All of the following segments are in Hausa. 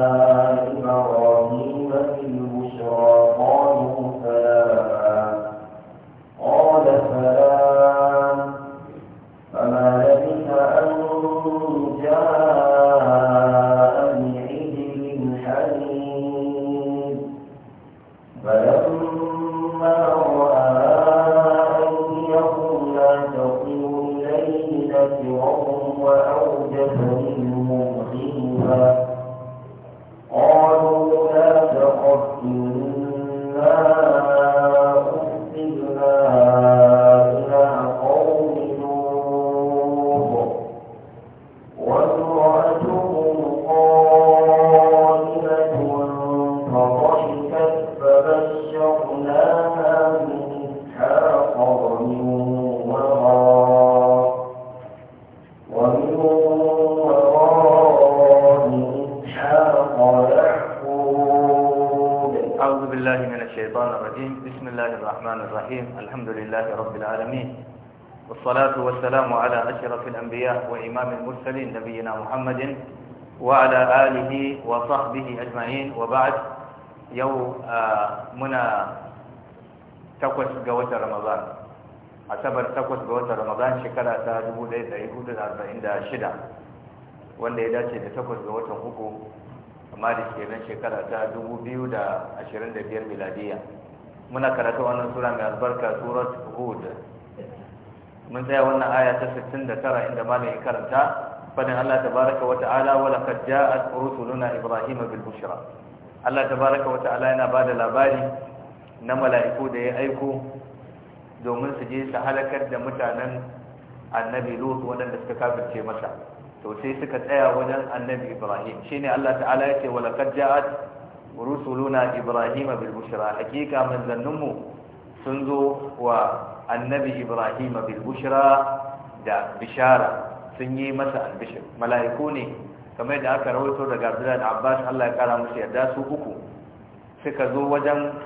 إبراهيم في البشرى ajma'in wa ba'd yau muna takwas ga watan Ramadan asabar takwas ga wata Ramadan shekara ta dubu arba'in da shida wanda ya dace da takwas ga watan uku a da kenan shekara ta dubu biyu da da ashirin biyar miladiya muna karatu wannan sura mai albarka surat hud mun tsaya wannan aya ta sittin da tara inda malamin karanta fadin Allah tabaraka wa ta'ala wa laqad ja'at rusuluna ibrahima bil bushra Allah tabaraka wa ta'ala yana bada labari na mala'iku da ya aiko domin su je su halakar da mutanen annabi Lut waɗanda suka kafirce masa to sai suka tsaya wajen annabi Ibrahim shine Allah ta'ala ya ce wala laqad ja'at rusuluna Ibrahima bil bushra hakika manzanninmu sun zo wa annabi Ibrahima bil bushra da bishara sun yi masa albishir mala'iku ne kamar yadda aka rawaito daga Abdullahi Abbas Allah ya kara musu yarda su uku suka zo wajen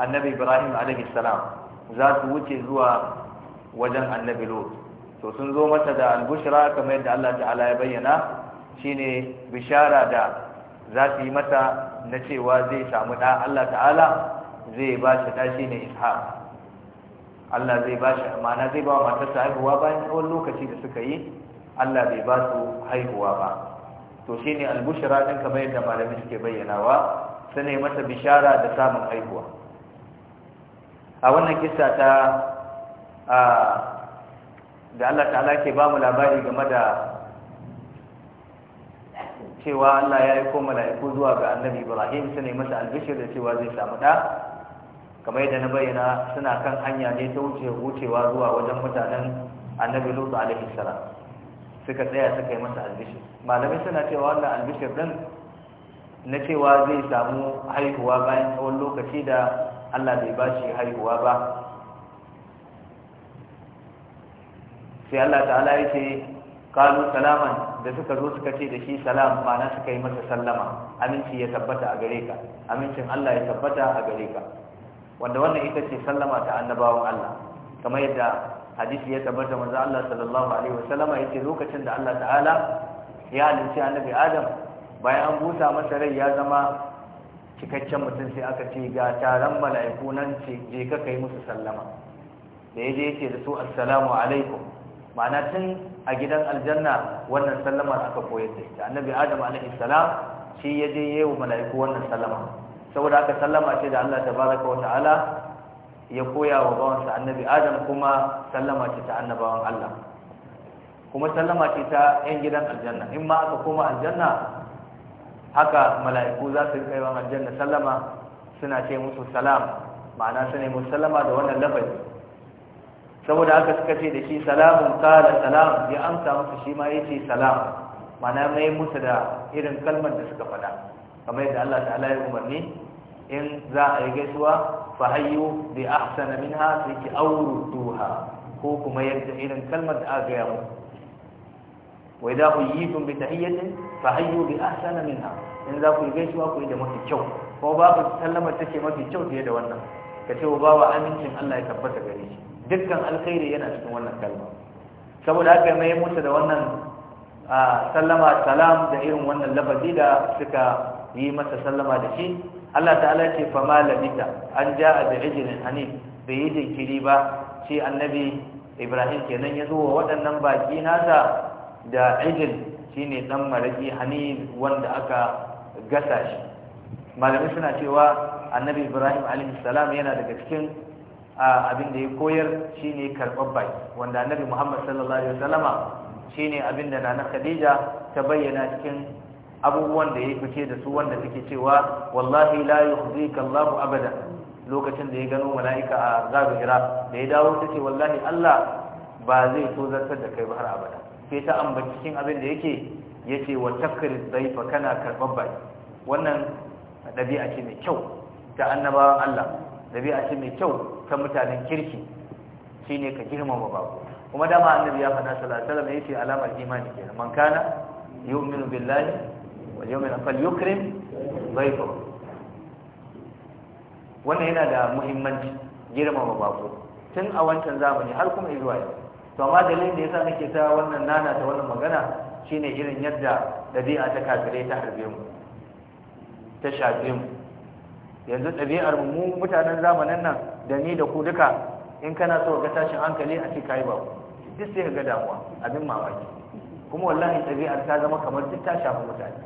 Annabi Ibrahim alaihi salam za su wuce zuwa wajen Annabi Lot to sun zo masa da albushira kamar yadda Allah ta'ala ya bayyana shine bishara da za su yi masa na cewa zai samu da Allah ta'ala zai ba shi da shine Ishaq Allah zai ba shi amana zai ba wa matarsa haihuwa bayan tsawon lokaci da suka yi Allah bai ba su haihuwa ba to ne albushira ɗin kamar yadda malami suke bayyanawa ne masa bishara da samun haihuwa a wannan kisa ta da Allah ta'ala ke ba mu labari game da cewa Allah ya yi ko mala'iku zuwa ga annabi Ibrahim ne masa albishir da cewa zai samu da kamar yadda na bayyana suna kan hanya ne ta wuce wucewa zuwa wajen mutanen annabi lutu alaihi salam suka tsaya suka yi masa albishir malamai suna cewa wannan albishir din na cewa zai samu haihuwa bayan tsawon lokaci da Allah bai bashi haihuwa ba sai Allah ta'ala ya ce kalu salaman da suka zo suka ce da shi salam mana suka yi masa sallama aminci ya tabbata a gare ka amincin Allah ya tabbata a gare ka wanda wannan ita ce sallama ta annabawan Allah kamar yadda hadisi ya tabbata manzo Allah sallallahu alaihi wasallama yace lokacin da Allah ta'ala ya halinci annabi Adam bayan an busa masa rai ya zama cikakken mutum sai aka ce ga taron mala'iku nan ce je ka kai musu sallama da yaje yace da su assalamu alaikum ma'ana tun a gidan aljanna wannan sallamar aka koyar da ita annabi Adam alaihi salam shi yaje wa mala'iku wannan sallama saboda aka sallama ce da Allah tabaraka wa ta'ala ya koya wa bawansa annabi adam kuma sallama ce ta annabawan Allah kuma sallama ce ta yan gidan aljanna in ma aka koma aljanna haka mala'iku za su kai wa aljanna sallama suna ce musu salam ma'ana su ne musu sallama da wannan lafazi saboda haka suka ce da shi salamun kala salam ya amsa musu shi ma yace salam ma'ana mai musu da irin kalmar da suka faɗa kamar yadda Allah ta'ala ya umarni in za a yi gaisuwa fa hayyu bi ahsana minha sai ki awruduha ko kuma yadda irin kalmar da aka gaya muku wa idza huyitum bi tahiyyatin fa hayyu bi ahsana minha in za ku yi gaisuwa ku yi da mafi kyau ko babu ta take mafi kyau fiye da wannan ka ce wa bawa amincin Allah ya tabbata gare shi dukkan alkhairi yana cikin wannan kalma saboda haka mai musu da wannan sallama salam da irin wannan lafazi da suka yi masa sallama da shi Allah ta'ala ce fa malabita an ja'a bi ijlin hanif bai yi jinkiri ba ce annabi Ibrahim kenan ya zo wa waɗannan baki nasa da ijil shine ɗan maraki hanif wanda aka gasa shi malamai suna cewa annabi Ibrahim alaihi salam yana daga cikin abin da ya koyar shine karɓar baki wanda annabi Muhammad sallallahu alaihi wasallama shine abin da nana Khadija ta bayyana cikin abubuwan da ya fice da su wanda suke cewa wallahi la yukhzika Allahu abada lokacin da ya gano mala'ika a zaru hira da ya dawo ta ce wallahi Allah ba zai so zartar da kai ba har abada sai ta ambaci cikin abin da yake yace wa takrir kana karban bai wannan dabi'a ce mai kyau ta annabawan Allah dabi'a ce mai kyau ta mutanen kirki shine ka girmama bako kuma dama annabi ya faɗa sallallahu alaihi wasallam yace alamar imani kenan man kana yu'minu billahi wajen mai wannan yana da muhimmanci girmama bako tun a wancan zamani har kuma zuwa yau to amma dalilin da yasa nake ta wannan nana ta wannan magana shine irin yadda ɗabi'a ta kafirai ta harbe mu ta shafe mu yanzu ɗabi'ar mu mutanen zamanin nan da ni da ku duka in kana so ga tashin hankali a ce kai ba duk sai ga damuwa abin mamaki kuma wallahi ɗabi'ar ta zama kamar duk ta shafi mutane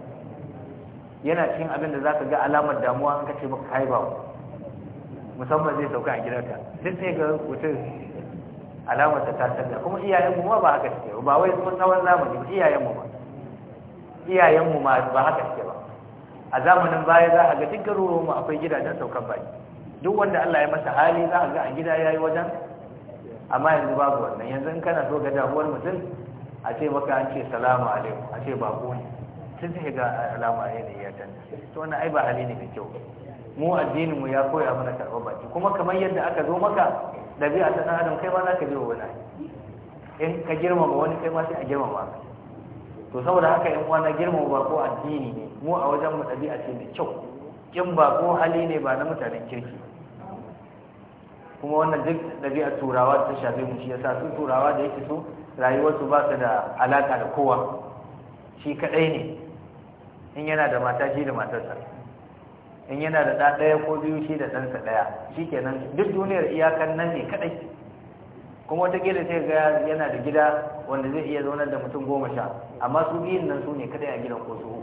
yana cikin abin da za ka ga alamar damuwa an kace maka kai ba musamman zai sauka a gidanka sai sai ga mutum alamar ta canza kuma iyayen mu ba haka suke ba wai sun tsawon zamani ba iyayen mu ba iyayen mu ma ba haka suke ba a zamanin baya za a ga duk garuru mu akwai gidajen saukan baki duk wanda Allah ya masa hali za a ga a gida yayi wajen amma yanzu babu wannan yanzu in kana so ga damuwar mutum a ce maka an ce salamu alaikum a ce ba ne sun sai ga alama yanayi ya canza to wannan ai ba hali ne mai kyau mu addinin mu ya koya mana karɓar baki kuma kamar yadda aka zo maka ɗabi'a ta ɗan adam kai ma za ka wa wani in ka girmama wani kai ma sai a girmama to saboda haka in uwa na girmama ba ko addini ne mu a wajen mu ɗabi'a ce mai kyau kin ba ko hali ne ba na mutanen kirki kuma wannan duk ɗabi'ar turawa ta shafe mu shi yasa su turawa da yake so rayuwarsu ba su da alaka da kowa shi kaɗai ne in yana da mata shi da matarsa in yana da ɗaya ko biyu shi da ɗansa ɗaya shi kenan duk duniyar iyakan nan ne kaɗai kuma wataƙila sai ga yana da gida wanda zai iya zaunar da mutum goma sha amma su biyun nan su ne kaɗai a gidan ko su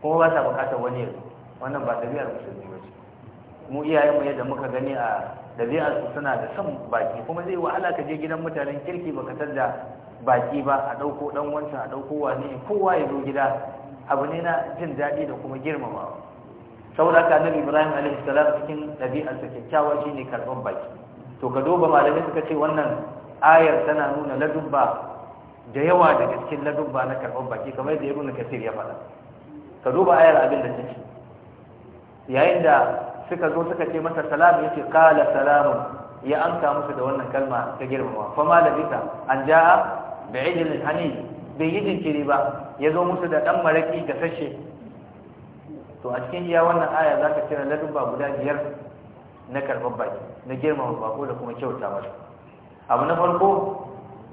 kuma ba sa buƙatar wani yanzu wannan ba ɗabi'ar musulmi ba ce mu yadda muka gani a ɗabi'ar su suna da son baki kuma zai wahala ka je gidan mutanen kirki baka san da baki ba a ɗauko ɗan wancan a ɗauko wani kowa ya zo gida abu ne na jin daɗi da kuma girmamawa saboda haka annabi Ibrahim alaihi salam cikin ɗabi'arsa kyakkyawa shine karban baki to ka duba malamin suka ce wannan ayar tana nuna ladubba da yawa daga cikin ladubba na karban baki kamar da Ibn Kathir ya faɗa ka duba ayar abin da take yayin da suka zo suka ce masa salam yace qala salamun ya amsa musu da wannan kalma ta girmama fa ma an jaa bi'idil hanin bai yi jinkiri ba ya zo musu da ɗan maraƙi ga sashe to a cikin iya wannan aya za ka cire ladubba guda biyar na karɓar baki na girmama bako da kuma kyauta masu. abu na farko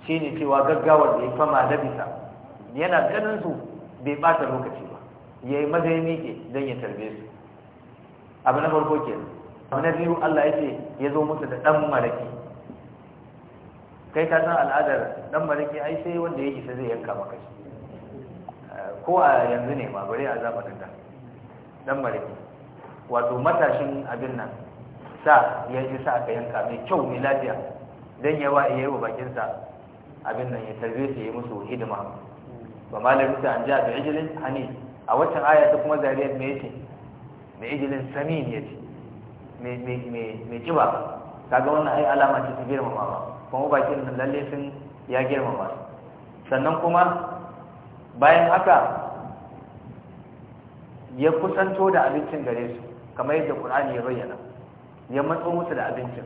shi ne cewa gaggawar da ya fama da bisa yana ganin su bai ɓata lokaci ba ya yi maza ya miƙe don ya tarbe su abu na farko ke abu na biyu Allah ya ce ya zo musu da ɗan maraƙi. kai ka san al'adar ɗan maraƙi ai sai wanda ya isa zai yanka maka shi ko a yanzu ne ma bare a zamanin da dan mariki wato matashin abin nan sa ya ji sa aka yanka mai kyau mai lafiya dan yawa wa yi wa sa. abin nan ya tarbe su yi musu hidima ba malamin ta an ja a ijilin hani a waccan aya ta kuma zariyar me yake me ijilin sami yace me me me me kiba kaga wannan ai alama ce ta girmamawa kuma bakin nan lalle sun ya girmama sannan kuma bayan haka ya kusanto da abincin gare su kamar yadda Qur'ani ya bayyana ya matso musu da abincin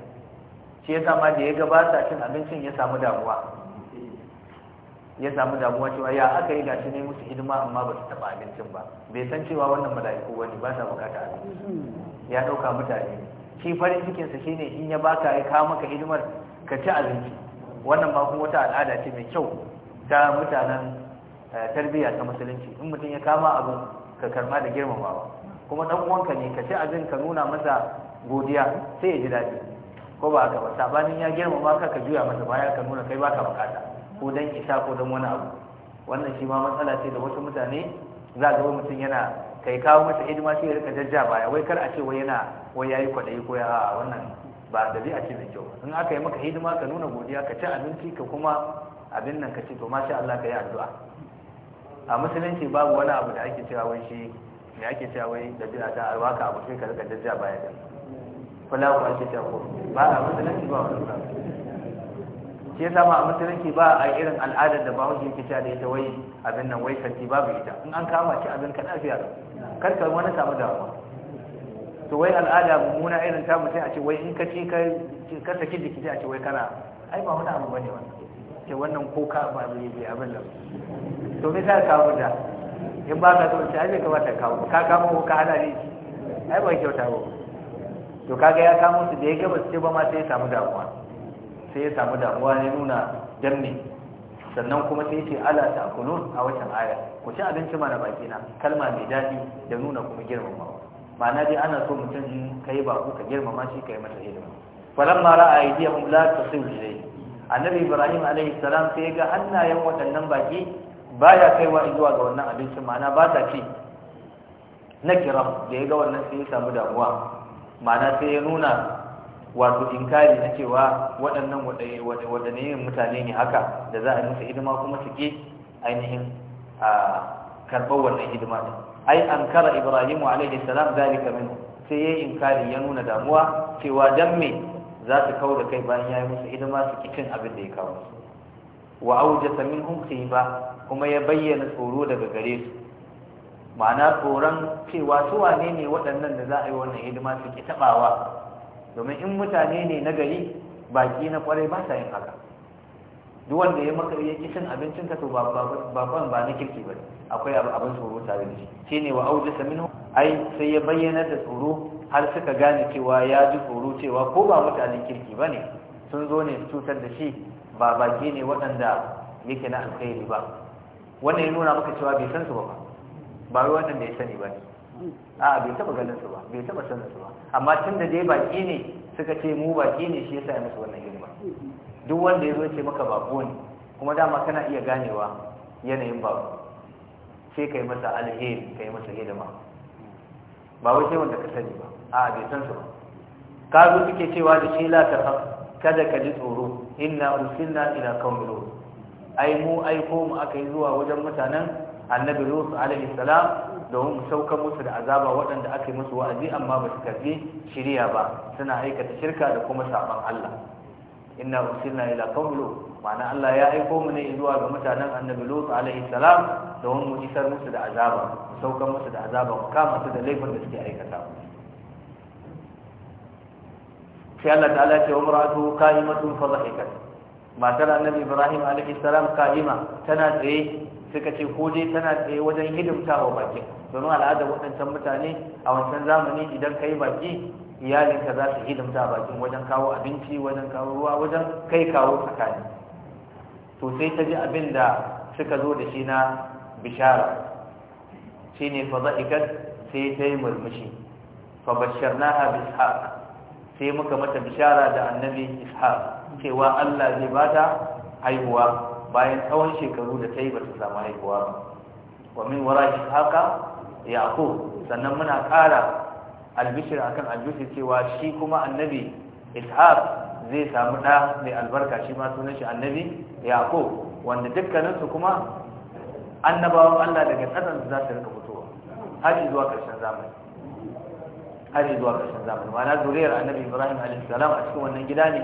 shi ya sama da ya gabata cin abincin ya samu damuwa ya samu damuwa cewa ya aka yi gashi ne musu hidima amma ba su taba abincin ba bai san cewa wannan mala'iku wani ba sa bukata abinci ya dauka mutane shi farin cikin sa shine in ya baka ya kawo maka hidimar ka ci abinci wannan ba kuma wata al'ada ce mai kyau ta mutanen tarbiyya ta musulunci in mutum ya kama abu ka karma da girmamawa kuma dan uwanka ne ka ci abin ka nuna masa godiya sai ya ji daɗi ko ba haka ba sabanin ya girmama ka ka juya masa baya ka nuna kai baka bukata ko dan isa ko dan wani abu wannan shi ma matsala ce da wasu mutane za ga mutum yana kai kawo masa hidima sai ya rika jajja baya wai kar a ce wai yana wai yayi kwaɗayi ko ya a wannan ba dabi'a ce mai kyau in aka yi maka hidima ka nuna godiya ka ci abinci ka kuma abin nan ka ce to masha Allah ka yi addu'a a musulunci babu wani abu da ake cewa wai shi ne ake cewa wai da bid'a ta alwaka abu sai ka rika jajja baya da kula ku ake cewa ko ba a musulunci ba wani ba Ke yasa a musulunci ba a irin al'adar da ba wani yake cewa da ita wai abin nan wai kanti babu ita in an kama ki abin ka lafiya kar ka wani samu damuwa to wai al'ada mummuna irin ta mutum a ce wai in ka ci ka saki jiki a ce wai kana ai ba wani abu bane wannan ce wannan koka ba ne yake abin nan to me sa kawo da in ba ka zuwa ce ka bata kawo ka kama ko ka hada ne ai ba kyauta ba to kaga ya kama su da ya gaba su ce ba ma sai ya samu damuwa sai ya samu damuwa ne nuna danne sannan kuma sai ce ala ta kunun a watan aya ku ci abinci mana baki na kalma mai daɗi da nuna kuma girmamawa ma'ana dai ana so mutum kai ba ku ka girmama shi kai masa hidima falamma ra'a aydiyahum la tasilu ilayhi annabi ibrahim alaihi salam sai ga hannayen waɗannan baki baya kaiwa zuwa ga wannan abincin ma'ana ba ta ci na kiram da ya ga wannan sai ya samu damuwa ma'ana sai ya nuna wato inkari na cewa waɗannan waɗannan mutane ne haka da za a yi musu hidima kuma su ke ainihin a karɓar wannan hidima ɗin ai an kara Ibrahim alaihi salam zalika min sai ya inkari ya nuna damuwa cewa dan me za su kawo da kai bayan ya yi musu hidima su ki cin abin da ya kawo su wa samin minhum ba kuma ya bayyana tsoro daga gare su ma'ana tsoron cewa su wane ne waɗannan da za a yi wannan hidima su ki taɓawa domin in mutane ne na gari baki na kwarai ba sa yin haka duk wanda ya maka ya ki cin abincin ka to ba ba ba na kirki ba akwai abin tsoro tare da shi shine wa aujasa minhum ai sai ya bayyana da tsoro har suka gane cewa ya ji horo cewa ko ba mutanen kirki ba ne sun zo ne cutar da shi ba baki ne waɗanda yake na alkhairi ba wannan ya nuna maka cewa bai san su ba ba wai da ya sani ba ne a bai taɓa ganin su ba bai taɓa sanin su ba amma tun da dai baki ne suka ce mu baki ne shi yasa ya musu wannan girma duk wanda ya zo ce maka bako ne kuma dama kana iya ganewa yanayin ba sai kai masa alheri kai masa hidima ba wai sai wanda ka sani ba a bai san su ka zo suke cewa da shi la kada ka ji tsoro inna ursilna ila kan lut ai mu aiko mu aka yi zuwa wajen mutanen annabi lut alaihi salam domin mu sauka musu da azaba waɗanda aka yi musu wa'azi amma ba su karbi shiriya ba suna aikata shirka da kuma saban Allah inna ursilna ila kan lut ma'ana Allah ya aiko mu ne zuwa ga mutanen annabi lut alaihi salam domin mu isar musu da azaba mu sauka musu da azaba mu kama su da laifin da suke aikata sai Allah ta'ala ce umratu qa'imatun fa dhahikat matar annabi Ibrahim alaihi salam qa'ima tana tsaye suka ce ko dai tana tsaye wajen hidimta hidimtawa baki domin al'ada waɗancan mutane a wancan zamani idan kai baki iyalinka za su hidimta bakin wajen kawo abinci wajen kawo ruwa wajen kai kawo tsakani to sai ta ji abin da suka zo da shi na bishara shi ne fa za'ikat sai ta yi murmushi fa bashar na ha bishar sai muka mata bishara da annabi ishaq cewa Allah zai bata haihuwa bayan tsawon shekaru da ta yi bata samu haihuwa ba wa min wara ishaqa yaqub sannan muna ƙara albishir akan albishir cewa shi kuma annabi ishaq zai samu ɗa mai albarka shi ma sunan shi annabi yaqub wanda dukkaninsu kuma annabawan Allah daga ƙasan za su rika fitowa har zuwa ƙarshen zamani har zuwa ƙarshen zamani ma'ana zuriyar annabi ibrahim alaihi a cikin wannan gida ne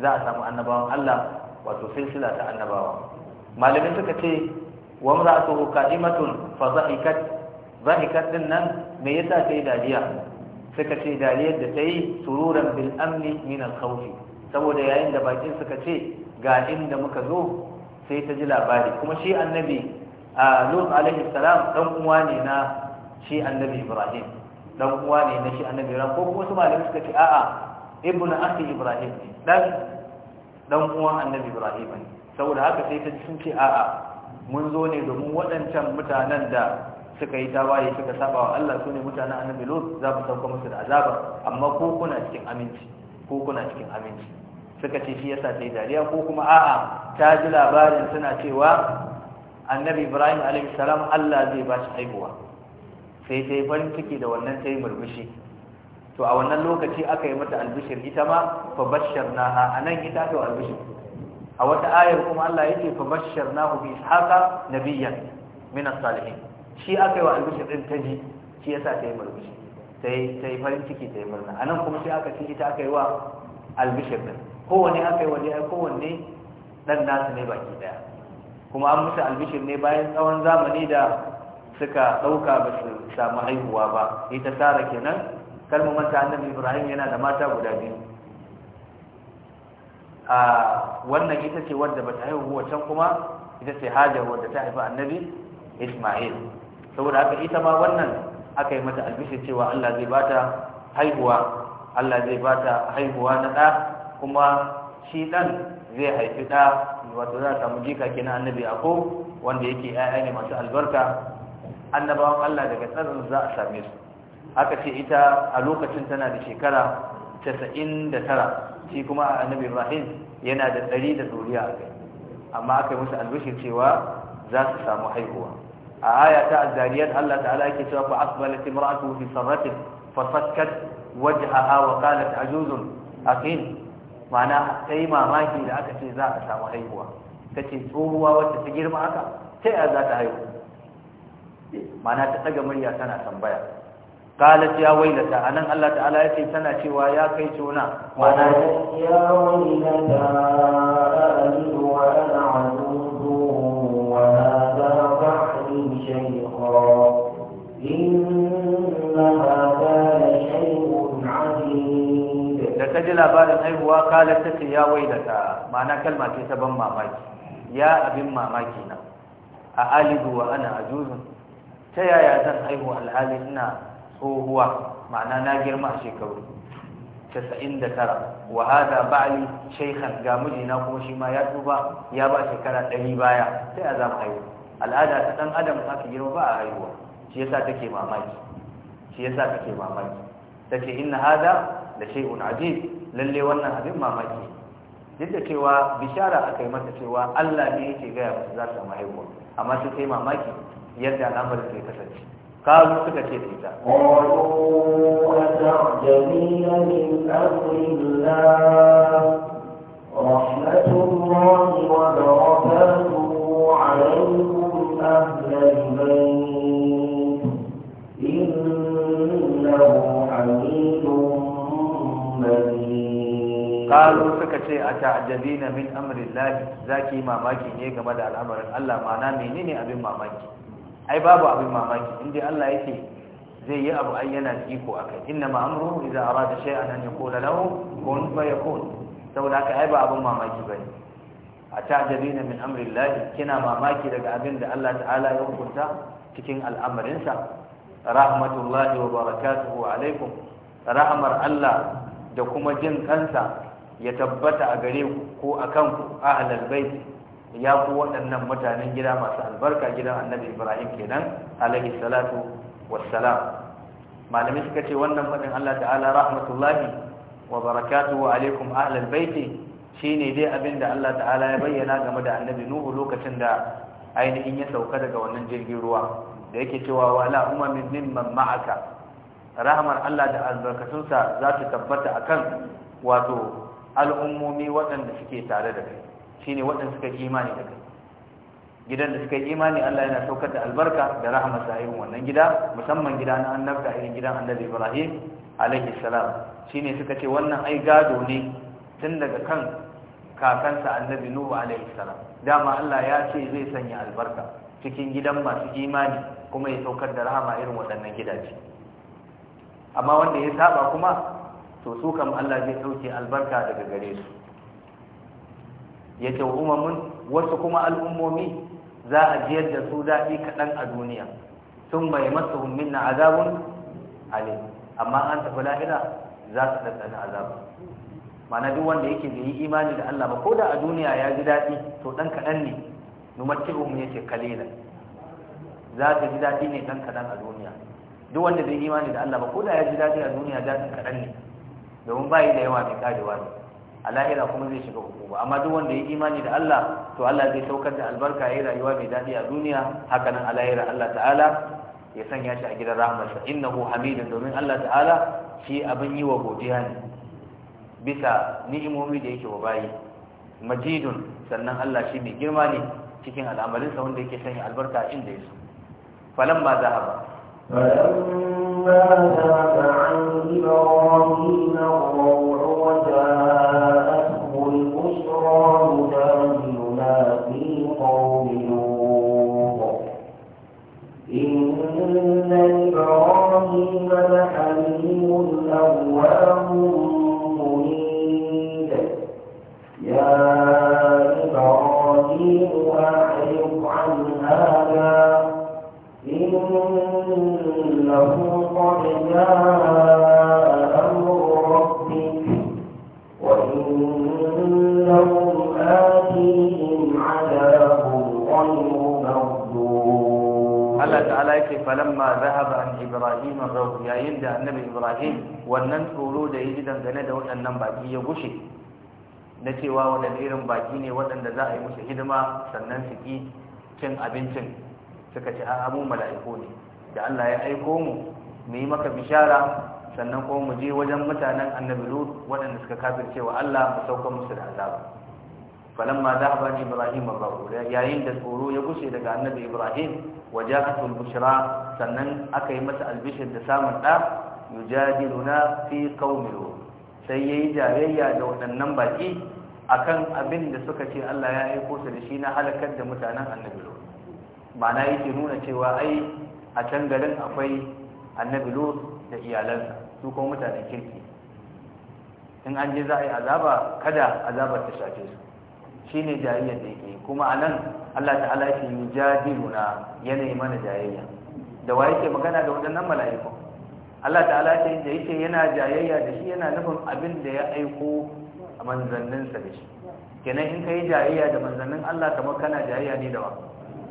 za a samu annabawan allah wato silsila ta annabawa malamin suka ce wa imra'atuhu qa'imatun fa dhahikat dhahikat din nan me yasa ta yi dariya suka ce dariyar da ta yi sururan bil amni min al saboda yayin da bakin suka ce ga inda muka zo sai ta ji labari kuma shi annabi a lut alaihi salam dan uwa ne na shi annabi ibrahim dan uwa ne na shi annabi ran ko kuma su malamai suka ce a'a ibnu akhi ibrahim ne dan dan uwan annabi ibrahim ne saboda haka sai ta sun ce a'a mun zo ne domin waɗancan mutanen da suka yi tawaye suka saba wa Allah su ne mutanen annabi lut za ku sauka musu da azaba amma ko kuna cikin aminci ko kuna cikin aminci suka ce shi yasa ta yi dariya ko kuma a'a ta ji labarin suna cewa annabi ibrahim alaihi salam Allah zai ba shi haihuwa sai sai farin ciki da wannan ta yi murmushi to a wannan lokaci aka yi mata albishir ita ma fa basharnaha anan ita ta albishir a wata ayar kuma Allah yake fa basharnahu bi ishaqa nabiyyan min as-salihin shi aka yi wa albishir din taji shi yasa ta yi murmushi sai sai farin ciki ta yi murna anan kuma sai aka ci ita aka yi wa albishir din kowanne aka yi wa dai kowanne dan nasu ne baki daya kuma an musu albishir ne bayan tsawon zamani da suka ɗauka ba su samu haihuwa ba ita tara kenan kalmar mata annabi ibrahim yana da mata guda biyu a wannan ita ce wadda ba ta haihu wacan kuma ita ce hajar wadda ta haifi annabi ismail saboda haka ita ma wannan aka yi mata albishi cewa allah zai bata haihuwa allah zai bata haihuwa na ɗa kuma shi ɗan zai haifi ɗa wato za a samu jika kenan annabi ko wanda yake 'ya'ya ne masu albarka annabawan Allah daga tsarin za a same su aka ce ita a lokacin tana da shekara 99 shi kuma a annabi Ibrahim yana da ɗari da zuriya a kai amma aka yi musu albishir cewa za su samu haihuwa a aya ta azariyar Allah ta'ala yake cewa fa asbalat imra'atuhu fi sarratin fa sakkat wajhaha wa qalat ajuzun aqim ma'ana sai mamaki da aka ce za a samu haihuwa tace tsohuwa wacce ta girma aka sai za ta haihu mana ta daga murya tana tambaya qalat ya wailata anan Allah ta'ala yake tana cewa ya kai tona mana ya wailata alu wa ana azudu wa hada bahri shaykha inna hada shay'un adid da kaji labarin haihuwa qalat ta ce ya wailata mana kalma ce ta ban mamaki ya abin mamaki na a alidu wa ana ajuzun ta yaya zan haihu alhali ina tsohuwa ma'ana na girma a shekaru casa'in da tara wa hada ba'ali shaykhan ga mijina kuma shi ma ya tuba ya ba shekara ɗari baya ta yaya zan haihu al'ada ta ɗan adam ka girma ba a haihuwa shi yasa take mamaki shi yasa take mamaki tace inna hada da shay'un ajib lalle wannan abin mamaki duk da cewa bishara aka yi masa cewa Allah ne yake gaya masu za su samu haihuwa amma su kai mamaki yadda al'amarin ke kasance kawo suka ce ta ita رحمة الله kalu suka ce a ta'ajjabina min amrillah zaki mamaki ne game da al'amarin Allah mana menene abin mamaki ai babu abin mamaki indai Allah yake zai yi abu ayyana iko akai inna ma amruhu idza arada shay'an an yaqula lahu kun fayakun saboda haka ai ba abin mamaki bane a ta'ajjabina min amrillah kina mamaki daga abin da Allah ta'ala ya hukunta cikin al'amarinsa rahmatullahi wa barakatuhu alaikum rahmar Allah da kuma jin kansa ya tabbata a gare ku ko a kanku ahlal bait ya ku waɗannan mutanen gida masu albarka gidan annabi ibrahim kenan alaihi salatu wassalam malamai suka ce wannan faɗin Allah ta'ala rahmatullahi wa barakatuhu alaikum ahlal bait shine dai abinda Allah ta'ala ya bayyana game da annabi nuhu lokacin da ainihin ya sauka daga wannan jirgin ruwa da yake cewa wala umamin mimman ma'aka rahmar Allah da albarkatunsa za ta tabbata akan wato al'ummomi waɗanda suke tare da kai shine waɗanda suka imani da kai gidan da suka yi imani Allah yana saukar da albarka da a irin wannan gida musamman gida na annabta irin gidan annabi Ibrahim alaihi salam shine suka ce wannan ai gado ne tun daga kan kakansa annabi Nuhu alaihi salam dama Allah ya ce zai sanya albarka cikin gidan masu imani kuma ya saukar da rahama irin waɗannan gidaje amma wanda ya saba kuma to su kam Allah zai dauke albarka daga gare su yace umamun wasu kuma al'ummomi za a jiyar da su daɗi kaɗan a duniya sun bai masu na azabun ale amma an tafi la'ira za su ɗanɗana azabu mana duk wanda yake bai yi imani da Allah ba ko da a duniya ya ji daɗi to ɗan kaɗan ne numatti'uhum yake kalilan za ta ji daɗi ne ɗan kaɗan a duniya duk wanda bai imani da Allah ba ko da ya ji daɗi a duniya daɗin kaɗan ne domin bayi da yawa mai karewa ne a lahira kuma zai shiga ba amma duk wanda ya imani da Allah to Allah zai saukar da albarka ya yi rayuwa mai daɗi a duniya hakanan a lahira Allah ta'ala ya sanya shi a gidan rahmarsa innahu hamidun domin Allah ta'ala shi abin yi wa godiya ne bisa ni'imomi da yake wa bayi majidun sannan Allah shi mai girma ne cikin al'amarinsa wanda yake sanya albarka inda yaso falamma zahaba فلما ذهب عن إبراهيم الروع وجاءته البشرى يجادلنا في قوم لوط إن إبراهيم لحليم أواه منيب يا إبراهيم أعرض عن هذا إنه قد جاء أمر ربك وإنهم آتيهم عذاب غير Allah ta'ala yake falamma zahaba an Ibrahim ar-ruh yayin da Annabi Ibrahim wannan tsoro da yake dangane da waɗannan baki ya bushe na cewa wannan irin baki ne waɗanda za a yi musu hidima sannan su ki cin abincin suka ce a'a mu mala'iku ne da Allah ya aiko mu mu yi maka bishara sannan kuma mu je wajen mutanen annabi lut waɗanda suka kafirce wa Allah mu sauka musu da azaba falamma dhahaba ibrahim rabbuhu yayin da tsoro ya gushe daga annabi ibrahim waja'atu bushra sannan aka yi masa albishir da samun da yujadiluna fi qaumi sai yayi jayayya da waɗannan baki akan abin da suka ce Allah ya aiko su da shi na halakar da mutanen annabi lut ma'ana yake nuna cewa ai a can garin akwai annabi lut da iyalansa su kuma mutanen kirki in an je za a yi azaba kada azabar ta shafe su shi ne jayayyar da yake kuma a nan Allah ta'ala yake yujadiluna yanayi mana jayayya da wa yake magana da waɗannan mala'iku Allah ta'ala yake da yake yana jayayya da shi yana nufin abin da ya aiko a manzanninsa da shi kenan in ka yi jayayya da manzannin Allah kamar kana jayayya ne da wa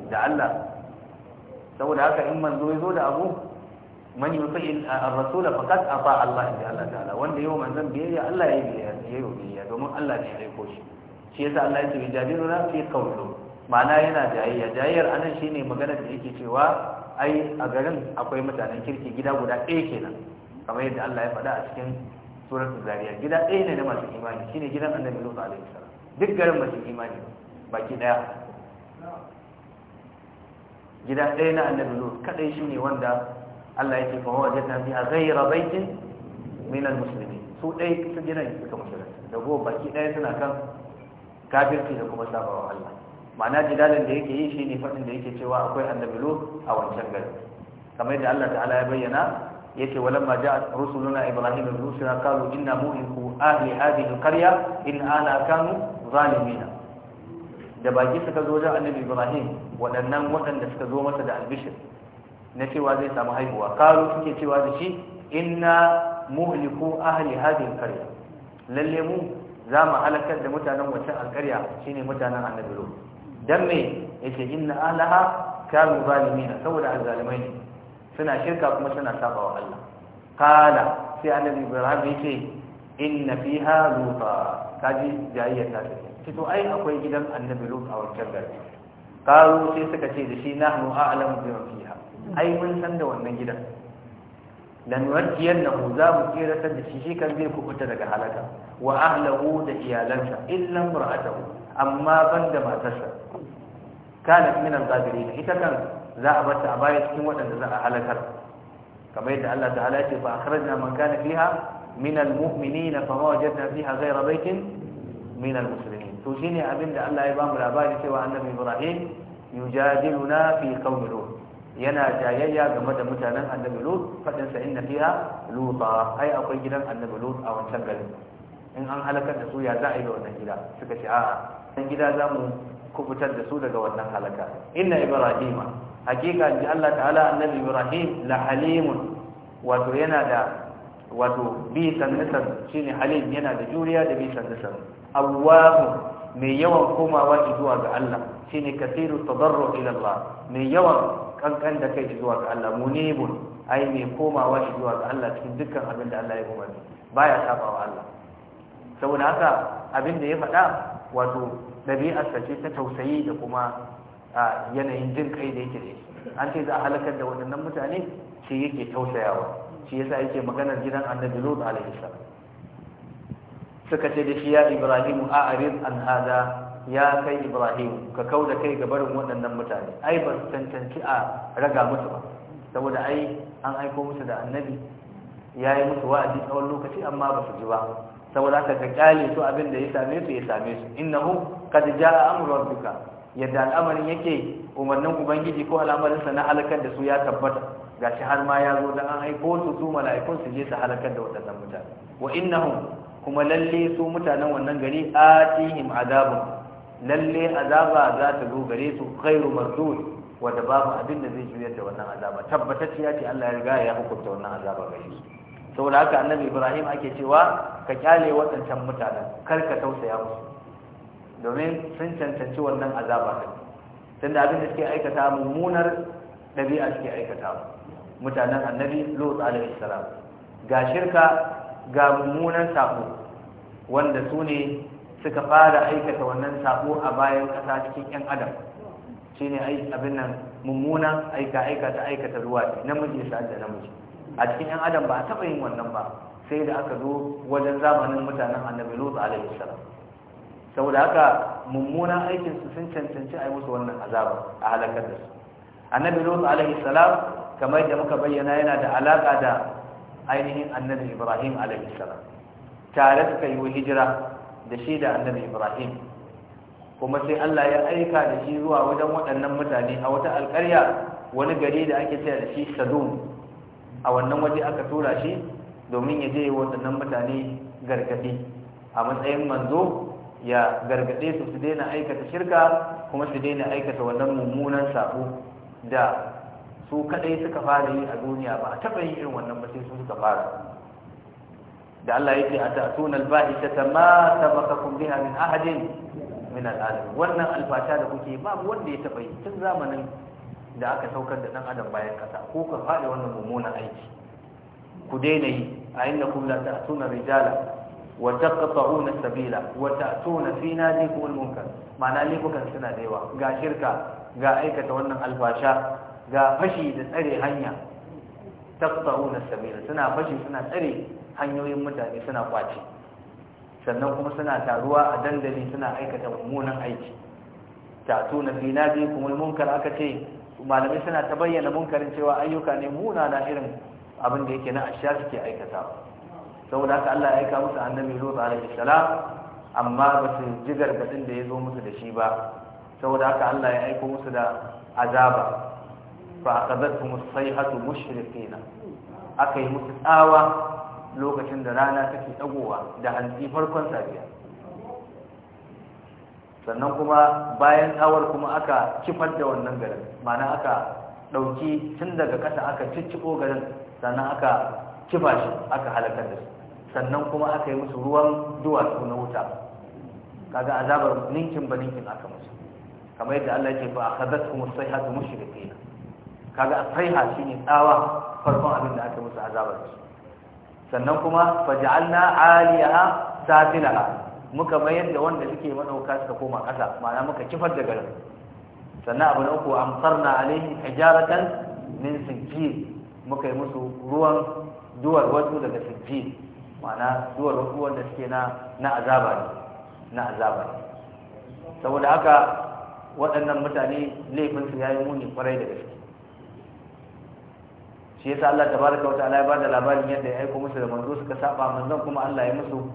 da Allah saboda haka in manzo ya zo da abu man yusayil ar-rasul faqad ata Allah inda Allah ta'ala wanda yau manzon biyayya Allah ya yi yi yayi biyayya domin Allah ne ya aiko shi shi yasa Allah ya ce na fi qawlu ma'ana yana jayayya jayayyar anan shine magana da yake cewa ai a garin akwai mutanen kirki gida guda ɗaya kenan kamar yadda Allah ya faɗa a cikin suratul zariyat gida ɗaya ne na masu imani shine gidan annabi Nuh alaihi salam duk garin masu imani baki ɗaya gida ɗaya na annabi lut kadai shine wanda Allah yake fa huwa jannatu zai rabai baitin min musulmi su ɗaya su gina suka musulunta da go baki ɗaya suna kan kafirci da kuma sabawa Allah ma'ana jidalin da yake yi shine fadin da yake cewa akwai annabi lut a wancan gari kamar yadda Allah ta'ala ya bayyana yace walamma ja'at rusuluna ibrahim wa musa qalu inna mu'iku ahli hadhihi alqarya in ana kanu zalimin da baki suka zo wajen annabi ibrahim waɗannan waɗanda suka zo masa da albishir na cewa zai samu haihuwa karo suke cewa da shi inna muhliku ahli hadhihi alqarya lalle mu za mu halakar da mutanen wancan alqarya shine mutanen annabi ru dan me yace inna ahliha kanu zalimin saboda azzalimai ne suna shirka kuma suna saba Allah qala sai annabi ibrahim yace inna fiha lufa kaji jayyata ta fito ai akwai gidan annabi lut a wancan gari karu sai suka ce da shi nahnu a'lamu bi fiha ai mun san da wannan gidan lan nuwarkiyannahu za mu tsiratar da shi shi kan zai fita daga halaka wa ahlahu da iyalansa illa imra'atahu amma banda matarsa kanat min al-ghabirin ita kan za a bata a baya cikin waɗanda za a halakar kamar yadda Allah ta'ala ya ce fa akhrajna man kana fiha min al-mu'minin fa wajadna fiha ghayra baytin min al-muslimin to shine abin da Allah ya ba mu labari cewa annabi Ibrahim yujadiluna fi qaumi lut yana jayayya game da mutanen annabi lut fadin sa inna fiha luta ai akwai gidan annabi lut a wancan garin in an halakar da su ya za a yi da wannan gida suka ce a'a dan gida za mu kubutar da su daga wannan halaka inna ibrahima hakika ji Allah ta'ala annabi ibrahim la halimun wato yana da wato bi shi ne halim yana da juriya da bi sannisar awwahu mai yawan komawa zuwa ga Allah ne kasiru tadarru ila mai yawan kankan da kai zuwa ga Allah munibun ai mai komawa zuwa ga Allah cikin dukkan abin da Allah ya umarni baya sabawa Allah saboda haka abin da ya faɗa wato dabi'ar ta ce ta tausayi da kuma yanayin jin kai da yake da shi an ce za a halakar da waɗannan mutane shi yake tausayawa shi yasa yake maganar gidan annabi lut alaihi salam suka ce da shi ya ibrahim a'rid an hada ya kai ibrahim ka da kai ga barin waɗannan mutane ai ba su tantance a raga musu ba saboda ai an aiko musu da annabi ya yi musu wa'azi tsawon lokaci amma ba su ji ba saboda haka ka kyale su abin da ya same su ya same su innahu qad jaa amru rabbika yadda al'amarin yake umarnin ubangiji ko al'amarin sa na halakar da su ya tabbata gashi har ma ya zo da an haifo su su mala'ikun su je su halakar da waɗannan mutane wa innahum kuma lalle su mutanen wannan gari atihim azabun lalle azaba za ta zo gare su khairu mardud wanda babu abin da zai juyar da wannan azaba ya ce Allah ya riga ya hukunta wannan azaba gare su saboda haka annabi Ibrahim ake cewa ka kyale waɗancan mutanen kar ka tausaya musu domin sun cancanci wannan azaba din tunda abin da suke aikata mummunar ɗabi'a suke aikata mutanen annabi lot alaihi salam ga shirka ga mummunan sako wanda su ne suka fara aikata wannan sako a bayan kasa cikin yan adam shine abin nan mummunan aika aikata aikata ruwa namiji sa da namiji a cikin yan adam ba a taɓa yin wannan ba sai da aka zo wajen zamanin mutanen annabi lot alaihi salam saboda haka mummunan aikinsu sun cancanci a yi musu wannan azaba a halakar da su annabi lot alaihi salam kamar da muka bayyana yana da alaka da ainihin annabi Ibrahim alaihi salam tare suka yi hijira da shi da annabi Ibrahim kuma sai Allah ya aika da shi zuwa wajen waɗannan mutane a wata alƙarya wani gari da ake cewa da shi Sadum a wannan waje aka tura shi domin ya je waɗannan mutane gargaɗi a matsayin manzo ya gargaɗe su su daina aikata shirka kuma su daina aikata wannan mummunan sabo da su kadai suka fara yi a duniya ba a taba yi irin wannan ba sai su suka fara da Allah yake a ta'tuna al-fahishata ma sabaqakum biha min ahadin min al wannan alfata da kuke babu wanda ya taba yi tun zamanin da aka saukar da dan adam bayan kasa ko ka fara wannan mummunan aiki ku daina yi a kum la ta'tuna rijala وتقطعون السبيل وتأتون في ناديكم المنكر معنى لي suna da yawa ga shirka ga aikata wannan alfasha ga fashi da tsare hanya na sabila suna fashi suna tsare hanyoyin mutane suna kwace sannan kuma suna taruwa a dandali suna aikata mummunan aiki tatuna fi kuma munkar aka ce malamai suna ta bayyana munkarin cewa ayyuka ne muna na irin abin da yake na ashiya suke aikata saboda haka Allah ya aika musu annabi Lut alaihi salam amma ba su ji gargadin da ya zo musu da shi ba saboda haka Allah ya aika musu da azaba fa aqadatkum as-sayhatu mushriqina akai musu tsawa lokacin da rana take dagowa da hanzi farkon safiya sannan kuma bayan tsawar kuma aka kifar da wannan garin mana aka dauki tun daga ƙasa aka cicciko garin sannan aka kifa shi aka halakar da su sannan kuma aka yi musu ruwan duwatsu na wuta kaga azabar ninkin ba ninkin aka musu kamar yadda Allah ya ce fa akhadathum as-sayhatu mushrikeena kaga asaiha shine tsawa farkon abin da aka musu azabar sannan kuma faj'alna 'aliyaha safilaha muka mayar da wanda suke madauka suka koma ƙasa ma'ana muka kifar da garin sannan abu na uku amsarna alaihi hijaratan min sijjil muka yi musu ruwan duwar wasu daga sijjil ma'ana duwar wasu wanda suke na na azaba ne na azaba ne saboda haka waɗannan mutane laifinsu ya yi muni kwarai da gaske shi yasa Allah tabaraka wa ta'ala ya bada labarin yadda ya aiko musu da manzo suka saba manzon kuma Allah ya musu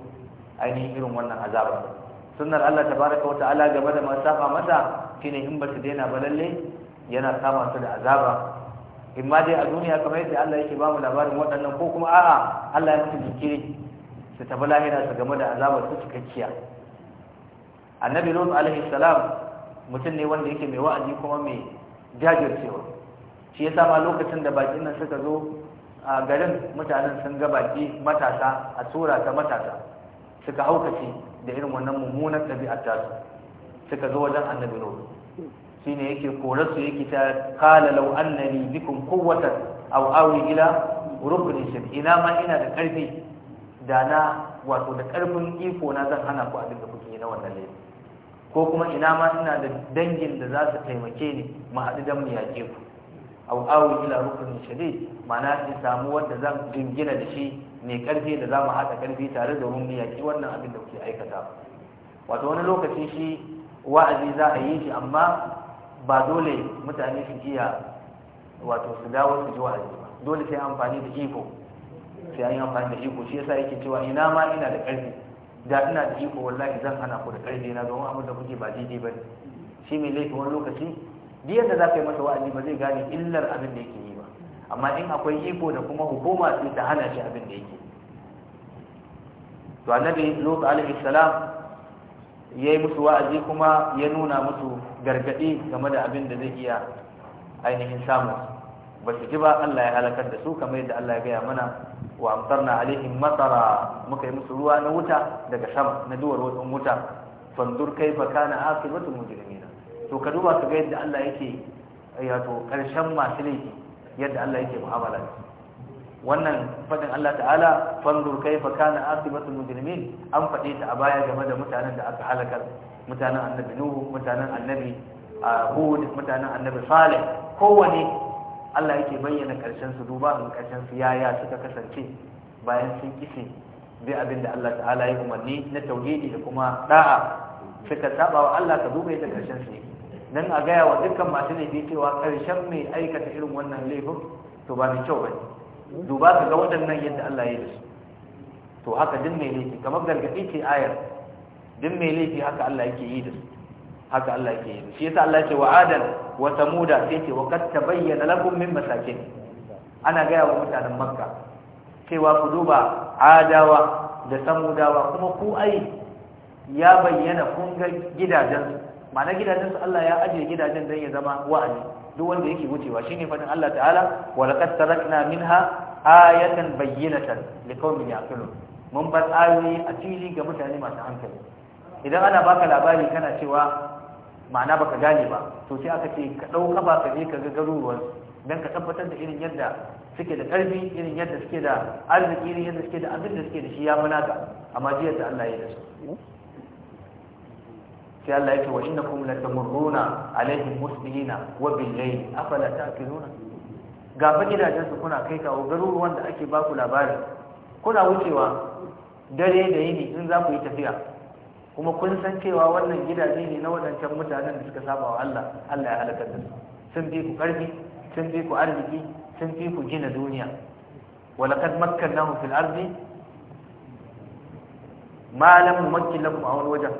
ainihin irin wannan azaba sunnar Allah tabaraka wa ta'ala game da masu saba mata shine in ba su daina ba lalle yana kama su da azaba in ma dai a duniya kamar yadda Allah yake ba mu labarin waɗannan ko kuma a'a Allah ya musu jinkiri su tafi lahira su game da azabar su cikakkiya annabi lut alaihi salam mutum ne wanda yake mai wa'azi kuma mai jajircewa shi yasa ma lokacin da bakin nan suka zo a garin mutanen sun ga baki matasa a tsora ta matasa suka haukace da irin wannan mummunan ɗabi'ar tasu suka zo wajen annabi shi ne yake korar su yake ta kala law annani bikum quwwatan awi ila rukni shi ina ma ina da karfi da na wato da karfin iko na zan hana ku abin da kuke na wannan laifi ko kuma ina ma ina da dangin da za su taimake ni mu haɗu don mu yaƙe ku au awi ila rukunin shadid ma'ana in samu wanda zan dingina da shi mai karfe da za mu haɗa karfi tare da mu yaƙi wannan abin da kuke aikata wato wani lokaci shi wa'azi za a yi shi amma ba dole mutane su iya wato su dawo su ji wa'azi ba dole sai amfani da iko sai an yi amfani da iko shi yasa yake cewa ina ma ina da ƙarfi da ina da iko wallahi zan hana ku da ƙarfi na domin abin da kuke ba daidai ba ne shi mai laifin wani lokaci duk da za ka yi masa wa'azi ba zai gane illar abin da yake yi ba amma in akwai iko da kuma hukuma sai ta hana shi abin da yake to annabi lut alaihi salam yayi musu wa'azi kuma ya nuna musu gargadi game da abin da zai iya ainihin samu ba su ji ba Allah ya halakar da su kamar yadda Allah ya gaya mana wa amtarna alaihim matara muka yi musu ruwa na wuta daga sama na duwar wutan wuta fandur kaifa kana aqibatu mujrimin to ka duba ka ga yadda Allah yake eh, wato karshen masu laifi yadda Allah yake mu'amala wannan fadin Allah ta'ala fanzur kaifa kana aqibatul mujrimin an fade ta a baya game da mutanen da aka halakar mutanen annabi nuhu mutanen annabi ah, hud mutanen annabi salih kowane Allah yake bayyana karshen su duba in karshen su yaya suka kasance bayan sun kise bi abin da Allah ta'ala ya umarni na tauhidi da kuma da'a suka saba wa Allah ka duba yadda karshen su yake dan a gaya wa dukkan masu laifi cewa karshen mai aikata irin wannan laifin to ba mai kyau ba duba ka ga waɗannan yadda Allah ya yi su to haka duk mai laifi kamar gargaɗi ce ayar duk mai laifi haka Allah yake yi da su haka Allah yake yi shi yasa Allah ce wa adan wa samuda sai ce wa qad tabayyana lakum min masakin ana gaya wa mutanen makka cewa ku duba adawa da samudawa kuma ku ai ya bayyana kun ga gidajen ma'ana gidajen su Allah ya ajiye gidajen dan ya zama wa'azi duk wanda yake wucewa shine fadin Allah ta'ala wa laqad tarakna minha ayatan bayyinatan liqaumin yaqilun mun bar tsari a fili ga mutane masu hankali idan ana baka labari kana cewa ma'ana baka gane ba to sai aka ce ka ɗauka ba ka je ka ga garuruwan don ka tabbatar da irin yadda suke da ƙarfi irin yadda suke da arziki irin yadda suke da abin da suke da shi ya munaka amma jiya da Allah ya da su sai Allah yake wa la latamurruna alaihim muslimina wa billayl afala ta'qiluna ga fa gidajen su kuna kai kawo garuruwan da ake ba ku labari kuna wucewa dare da yini in za ku yi tafiya kuma kun san cewa wannan gidaje ne na wadancan mutanen da suka saba wa Allah Allah ya halaka su sun bi ku karfi sun bi ku arziki sun bi ku gina duniya laqad makkannahum fil ardi ma lam numakkin lakum a wani wajen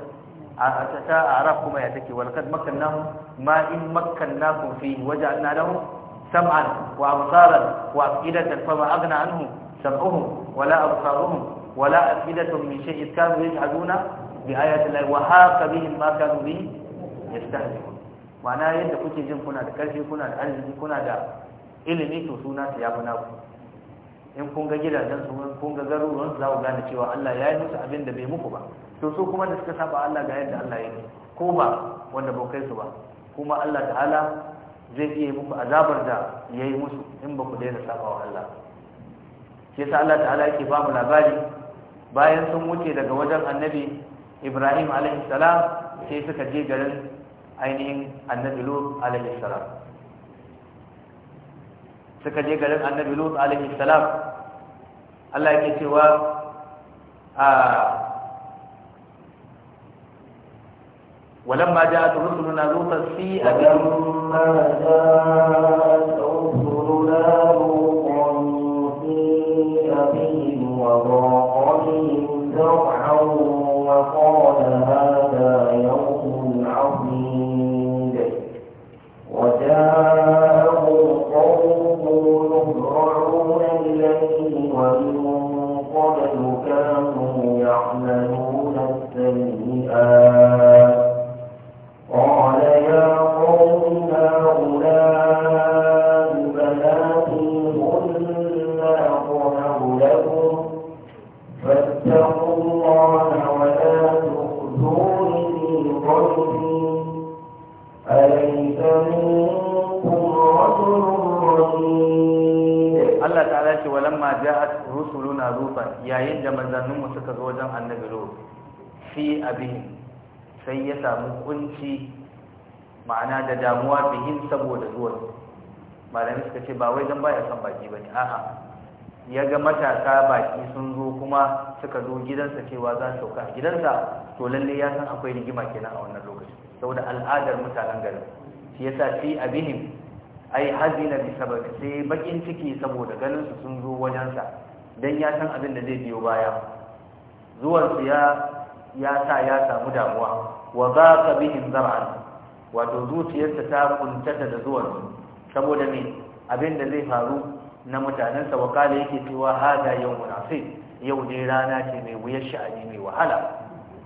A ta araf kuma ya take walqad makkannahum ma in makkannakum fi waja'alna lahum sam'an wa absaran wa afidatan fama aghna anhum sam'uhum wala absaruhum wala afidatun min shay'in kanu yaj'aluna bi ayati llahi wa haqa bihim ma kanu bi yastahzi'un ma'ana yadda kuke jin kuna da karfi kuna da arziki kuna da ilimi to suna ta yafi naku in kun ga gidajen su in kun ga garuruwan su za ku gane cewa Allah ya yi musu abin da bai muku ba to su kuma da suka saba Allah ga yadda Allah ya yi ko ba wanda ba kai su ba kuma Allah ta'ala zai iya muku azabar da ya yi musu in ba ku daina saba wa Allah shi yasa Allah ta'ala yake ba mu labari bayan sun wuce daga wajen annabi Ibrahim alaihi salam sai suka je garin ainihin annabi Lut alaihi salam suka je garin annabi lut alaihi salam Allah yake cewa a ولما جاءت رسلنا لوطا سيء بهم ما جاءت رسلنا لوطا سيء بهم وضاق بهم ذرعا وقال هذا يوم عظيم وجاء yayin da manzanninmu suka zo wajen annabi lut fi abin sai ya samu kunci ma'ana da damuwa bihin saboda zuwan malami suka ce ba wai don baya son baki bane a'a ya ga matasa baki sun zo kuma suka zo gidansa cewa za su sauka gidansa to lalle ya san akwai rigima kenan a wannan lokaci saboda al'adar mutanen garin shi yasa fi abihim ai hazina bi sababi sai bakin ciki saboda ganin su sun zo wajensa dan ya san abin da zai biyo baya zuwan su ya ya sa ya samu damuwa wa ka bihin zar'an wato zuciyarsa ta kuntata da zuwan saboda me abin da zai faru na mutanensa wa kala yake cewa hada yawmun asif yau ne rana ce mai wuyar sha'ani mai wahala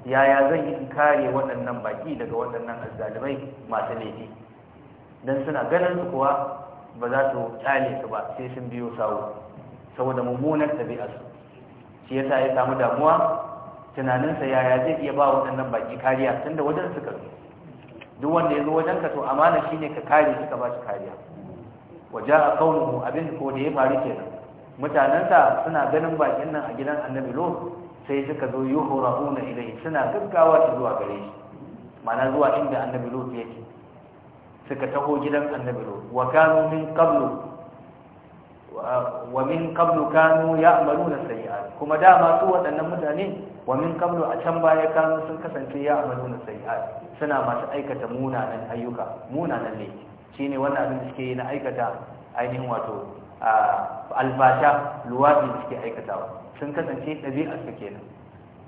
yaya zan yi kare waɗannan baki daga waɗannan azzalimai masu laifi dan suna ganin su kuwa ba za su kyale su ba sai sun biyo sawo saboda mummunar ɗabi'arsu shi yasa ya samu damuwa tunaninsa yaya zai iya ba waɗannan baƙi kariya tun da wajen suka zo duk wanda ya zo wajen ka to amana shine ka kare suka ba shi kariya waje a kaunuhu abin ko da ya faru kenan mutanensa suna ganin bakin nan a gidan annabi lo sai suka zo yi yuhurahuna ilai suna gaggawa su zuwa gare shi mana zuwa inda annabi lo yake suka taho gidan annabi lo wa kanu min qablu wa min qablu kanu ya'maluna sayyi'at kuma dama su waɗannan mutane wa min qablu a can baya kanu sun kasance ya'maluna sayyi'at suna masu aikata munanan ayyuka munanan ne shine wannan abin da suke yi na aikata ainihin wato albasha luwadi da suke aikatawa sun kasance ɗabi'ar su kenan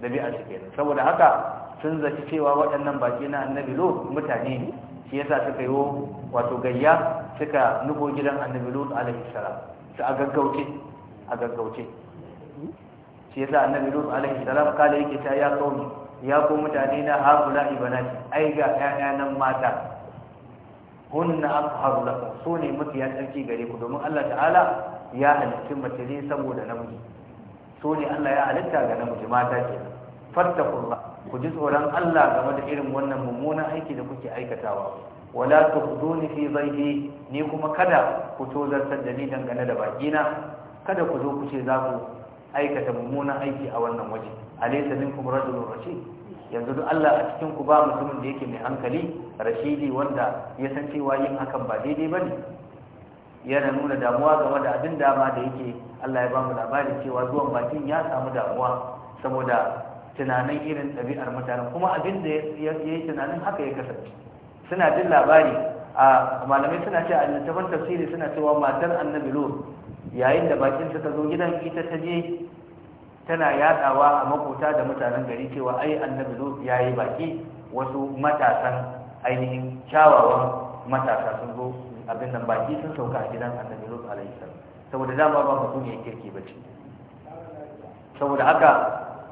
ɗabi'ar su kenan saboda haka sun zaci cewa waɗannan baki na annabi lo mutane ne shi yasa suka yi wato gayya suka nufo gidan annabi lo alaihi salam ta a gaggauce a gaggauce shi yasa annabi lut alaihi salam kala yake ta ya kauni ya ko mutane na haƙula ibanati ai ga nan mata hunna aqharu lakum so ne mafi ya tsarki gare ku domin Allah ta'ala ya halitta mace ne saboda namiji so ne Allah ya halitta ga namiji mata ke fattakullah ku ji tsoron Allah game da irin wannan mummunan aiki da kuke aikatawa wala tukhduni fi dhayli ni kuma kada ku tozartar da ni dangane da bakina kada ku zo ku ce za ku aikata mummunan aiki a wannan waje alaysa minkum rajulun rashid yanzu duk Allah a cikin ku ba mutumin da yake mai hankali rashidi wanda ya san cewa yin hakan ba daidai bane yana nuna damuwa game da abin dama da yake Allah ya ba mu labarin cewa zuwan bakin ya samu damuwa saboda tunanin irin ɗabi'ar mutanen kuma abin da ya yi tunanin haka ya kasance suna jin labari a malamai suna ce a littafin tafsiri suna cewa matar annabi lut yayin da bakin ta zo gidan ita ta je tana yadawa a makota da mutanen gari cewa ai annabi lut yayi baki wasu matasan ainihin kyawawan matasa sun zo abin nan baki sun sauka a gidan annabi lut alaihi salam saboda dama ba mutum ya kirki bace saboda haka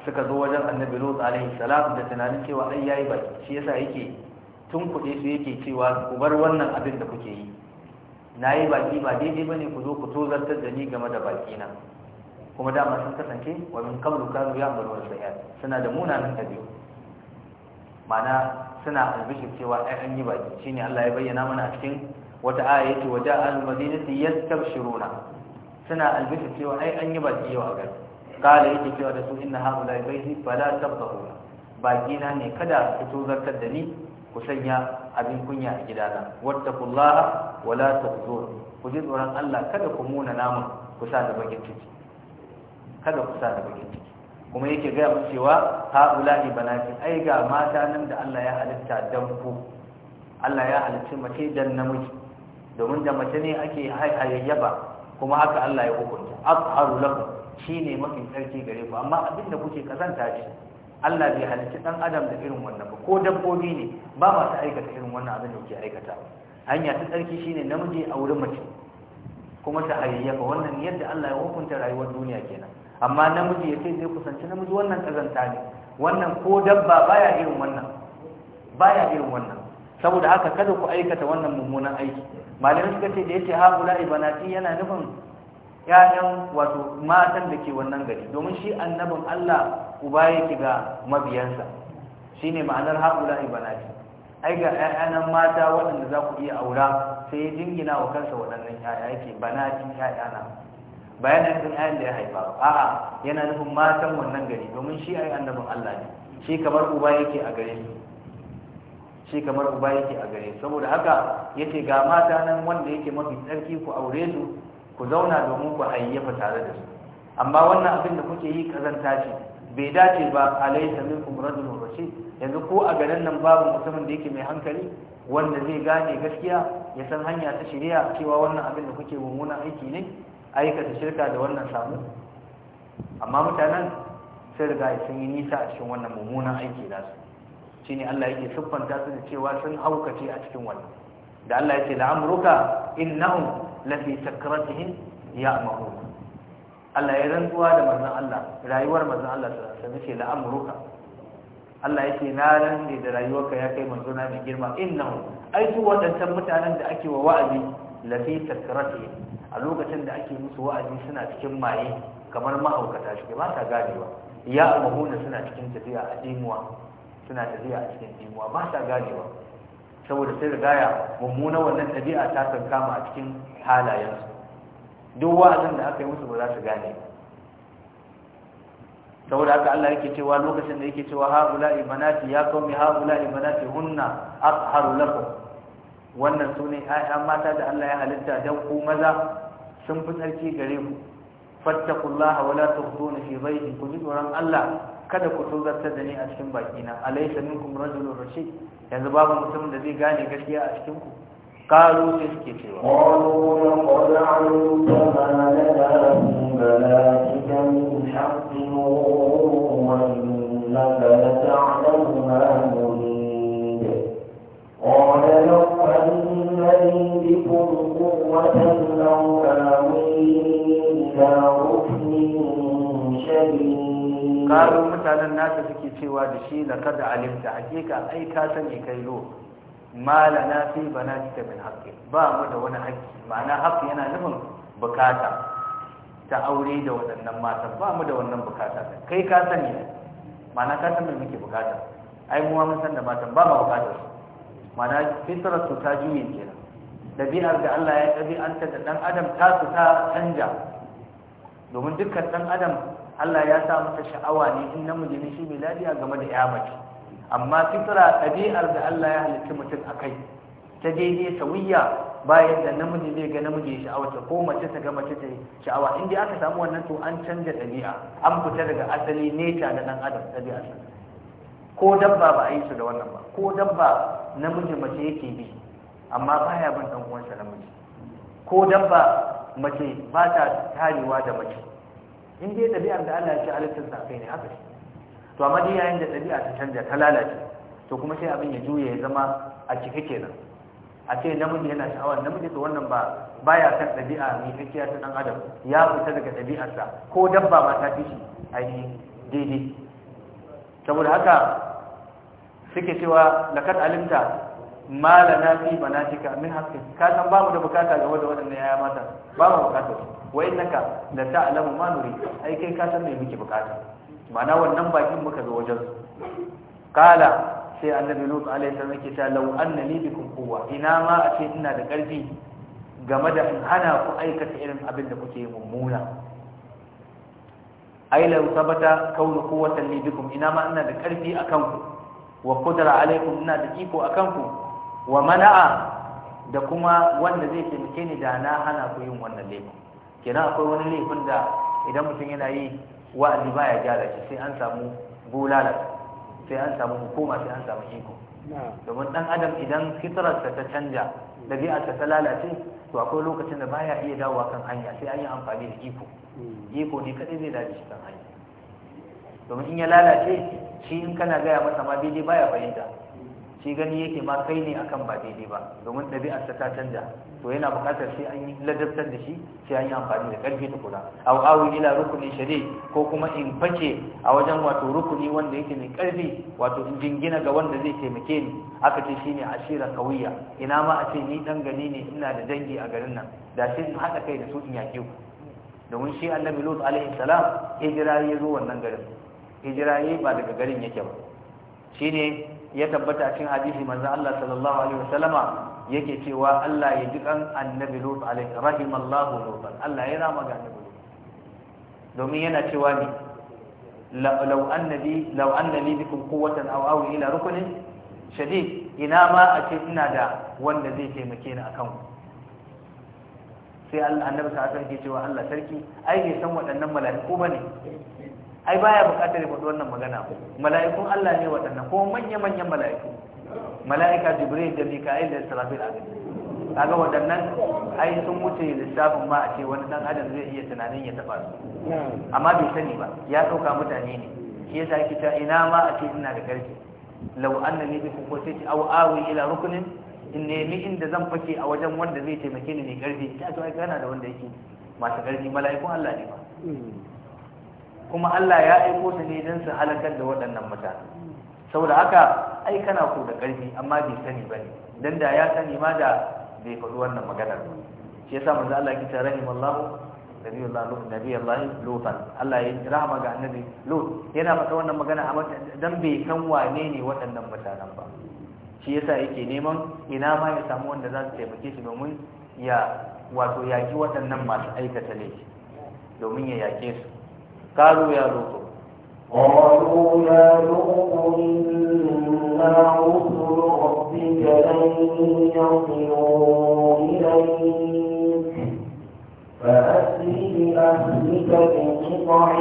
suka zo wajen annabi lut alaihi salam da tunanin cewa ai yayi baki shi yasa yake tun kuɗe su yake cewa ku bar wannan abin da kuke yi na yi baki ba daidai ba ne ku zo ku tozartar da ni game da baki na kuma dama sun kasance wa min kablu kanu ya amuru wal sayyad suna da munanan ɗabi'u ma'ana suna albishir cewa ai an yi baki shine Allah ya bayyana mana a cikin wata aya yace waja al madinati yastabshiruna suna albishir cewa ai an yi baki yau a gari kala yake cewa da su inna haula baiti fala ba. baki na ne kada ku tozartar da ni ku sanya abin kunya a gidana kula wala tukhzun ku ji tsoron Allah kada ku muna namun ku sa da bakin ciki kada ku sa da bakin ciki kuma yake gaya mu cewa bana banati ai ga mata nan da Allah ya halitta dan ku Allah ya halitta mace dan namiji domin da mace ne ake hayayyaba kuma haka Allah ya hukunta azharu lakum shine mafi tsarki gare ku amma abin da kuke kazanta shi Allah bai halitta dan adam da irin wannan ba ko dabbobi ne ba masu aikata irin wannan abin da yake aikata hanya ta tsarki shine namiji a wurin mace kuma ta hayyafa wannan yadda Allah ya hukunta rayuwar duniya kenan amma namiji ya ce zai kusanci namiji wannan kazanta ne wannan ko dabba baya irin wannan baya irin wannan saboda haka kada ku aikata wannan mummunan aiki malamin suka ce da yace haula ibanati yana nufin 'ya'yan wato matan da ke wannan gari domin shi annabin Allah uba yake ga mabiyansa shine ma'anar haula ibanaji ai ga ƴaƴanan mata waɗanda za ku iya aura sai ya jingina wa kansa waɗannan ƴaƴa yake banati ƴaƴana bayanan din ayan da ya haifa a'a yana nufin matan wannan gari domin shi ai annabin Allah ne shi kamar uba yake a gare su shi kamar uba yake a gare saboda haka yace ga mata nan wanda yake mafi tsarki ku aure su ku zauna domin ku hayyafa tare da su amma wannan abin da kuke yi kazanta ce bai dace ba alaysa minkum rajulun rashid yanzu ko a garin nan babu mutumin da yake mai hankali wanda zai gane gaskiya ya san hanya ta shirya cewa wannan abin da kuke mummunan aiki ne aikata shirka da wannan samu amma mutanen sai riga sun yi nisa a cikin wannan mummunan aiki su shi ne Allah yake siffanta su da cewa sun haukace a cikin wannan da Allah yake la'amruka innahum lafi sakratihim ya'mahun Allah ya rantsuwa da manzon Allah rayuwar manzon Allah sallallahu alaihi wasallam ce la'amruka Allah yake na rantsi da rayuwarka ya kai manzo na mai girma innahu ai su wadannan mutanen da ake wa wa'azi lafi takrati a lokacin da ake musu wa'azi suna cikin maye kamar mahaukata shi ba ta gadewa ya amahuna suna cikin tafiya a dimuwa suna tafiya a cikin dimuwa ba ta gadewa saboda sai da mummuna wannan tabi'a ta kan kama a cikin halayensu duk wa'azin da aka yi musu ba za su gane saboda haka Allah yake cewa lokacin da yake cewa haula'i banati ya qaumi haula'i banati hunna azharu lakum wannan sune ayyan mata da Allah ya halitta dan ku maza sun fi tsarki gare mu fattaqullaha wala tughduna fi bayti ku tsoron Allah kada ku tozartar da ni a cikin bakina alaysa minkum rajulun rashid yanzu babu mutum da zai gane gaskiya a cikin Kalu da suke cewa. Kwaro da ƙwallon da Kalu mutanen nata suke cewa da shi lantar da Aliyu, da a keka ai ta san ya kai nufa. malana fi banatika min haƙƙi. ba mu da wani haƙƙi ma'ana haƙƙi yana nufin bukata ta aure da waɗannan matan ba mu da wannan bukata kai ka sani ne ma'ana ka san me muke bukata ai mu mun san da matan ba ma bukata ma'ana fitrar su ta juye kenan dabi'ar da Allah ya ta da dan adam ta su ta canja domin dukkan dan adam Allah ya sa masa sha'awa ne in namiji ne shi miladiya game da ya mace amma fitira ɗabi'ar da Allah ya halitta mutum a kai ta daidai wuya bayan da namiji zai ga namiji ya sha'awa ko mace ta ga mace ta sha'awa inda aka samu wannan to an canja ɗabi'a an fita daga asali neta da ɗan adam ɗabi'ar ko dabba ba a yi su da wannan ba ko dabba namiji mace yake bi amma baya bin ɗan uwansa namiji ko dabba mace ba ta tarewa da mace in dai ɗabi'ar da Allah ya ce sa kai ne haka shi to amma dai yayin da ɗabi'a ta canja ta lalace to kuma sai abin ya juye ya zama a cike kenan a ce namiji yana sha'awar namiji to wannan ba baya kan ɗabi'a mai kakkiya ta ɗan adam ya fita daga ɗabi'arsa ko dabba ma ta fi shi ainihin daidai saboda haka suke cewa kan alimta na fi banatika min haqqi ka san ba mu da bukata game da waɗannan yaya mata ba mu bukata wa innaka la ta'lamu ma nuri ai kai ka san me muke bukata mana wannan bakin muka zo wajen kala sai annabi lut alaihi salam yake ta law annani bikum quwwa ina ma a ce ina da karfi game da in hana ku aikata irin abin da kuke mummuna ai law sabata kaunu quwwatan li bikum ina ma ina da karfi akan ku wa qudra alaikum ina da iko akan ku wa mana'a da kuma wanda zai taimake ni da na hana ku yin wannan laifin kenan akwai wani laifin da idan mutum yana yi wa'azi baya gyara shi sai an samu bulala sai an samu hukuma sai an samu iko domin dan adam idan fitararsa ta canja ɗabi'arsa ta lalace to akwai lokacin da baya iya dawowa kan hanya sai an yi amfani da iko hmm. iko ne kadai zai dace shi kan hanya domin in ya lalace shi in kana gaya masa ma daidai baya fahimta shi gani yake ma kai ne akan ba daidai ba domin ɗabi'arsa ta canja to yana buƙatar sai an yi ladabtar da shi sai an yi amfani da ƙarfi kula aw awi ila rukuni shari ko kuma in fake a wajen wato rukuni wanda yake mai ƙarfi wato in jingina ga wanda zai taimake ni aka ce shine ashira kawiya ina ma a ce ni dan gani ne ina da dangi a garin nan da sai in haɗa kai da su in yaƙe ku domin shi annabi lut alaihi salam hijira ya zo wannan garin hijira ba daga garin yake ba shine ya tabbata a cikin hadisi manzo Allah sallallahu alaihi wasallama yake cewa Allah ya ji kan annabi Lut alaihi rahimallahu Lut Allah ya rama ga annabi Lut domin yana cewa ne law annabi law annani bikum quwwatan aw awi ila rukunin shadid ina ma a ce ina da wanda zai taimake ni akan sai annabi sa san ke cewa Allah sarki ai bai san waɗannan mala'iku bane ai baya bukatar ya wannan magana ba mala'ikun Allah ne waɗannan ko manya-manyan mala'iku mala'ika jibril da mika'il da israfil kaga waɗannan ai sun wuce lissafin ma a ce wani dan adam zai iya tunanin ya taɓa su hmm. amma bai sani ba ya ɗauka mutane ne shi yasa yake ta ina ma a ce ina da ƙarfi law anna ni bi ko sai au awi ila rukunin in nemi inda zan fake a wajen wanda zai taimake ni ne ƙarfi ta to ai kana da wanda yake masu ƙarfi mala'ikun Allah ne ba hmm. kuma Allah ya aiko su ne don su halakar da waɗannan mutane saboda haka ai kana ku da ƙarfi amma bai sani ba ne don da ya sani ma da bai faɗi wannan maganar ba shi yasa manzo Allah ya ce rahimallahu nabi Allah nabi Allah lutan Allah ya rahama ga annabi lut yana wannan magana a dan bai san wane ne waɗannan mutanen ba shi yasa yake neman ina ma ya samu wanda za su taimake shi domin ya wato yaki waɗannan masu aikata laifi domin ya yake su قالوا يا لوط قالوا يا لوط إنا رسل ربك لن يصلوا إليك فأسر بأهلك بقطع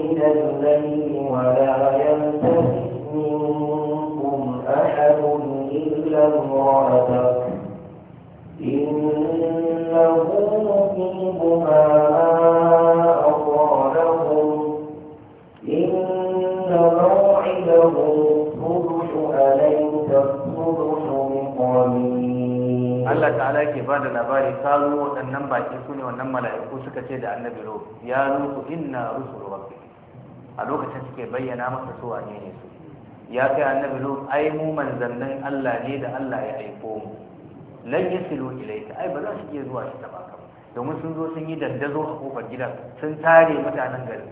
من الليل ولا يلتفت منكم أحد إلا امرأتك إنه مصيبها Allah ta'ala ke ba da labari kawo waɗannan baki su ne wannan mala'iku suka ce da annabi ro ya nutu inna rusul rabbi a lokacin suke bayyana masa su wane ne su ya kai annabi ro ai mu manzannin Allah ne da Allah ya aiko mu lan yasilu ilayka ai ba za su iya zuwa shi ta baka domin sun zo sun yi dandazo a kofar gidan sun tare mutanen gari.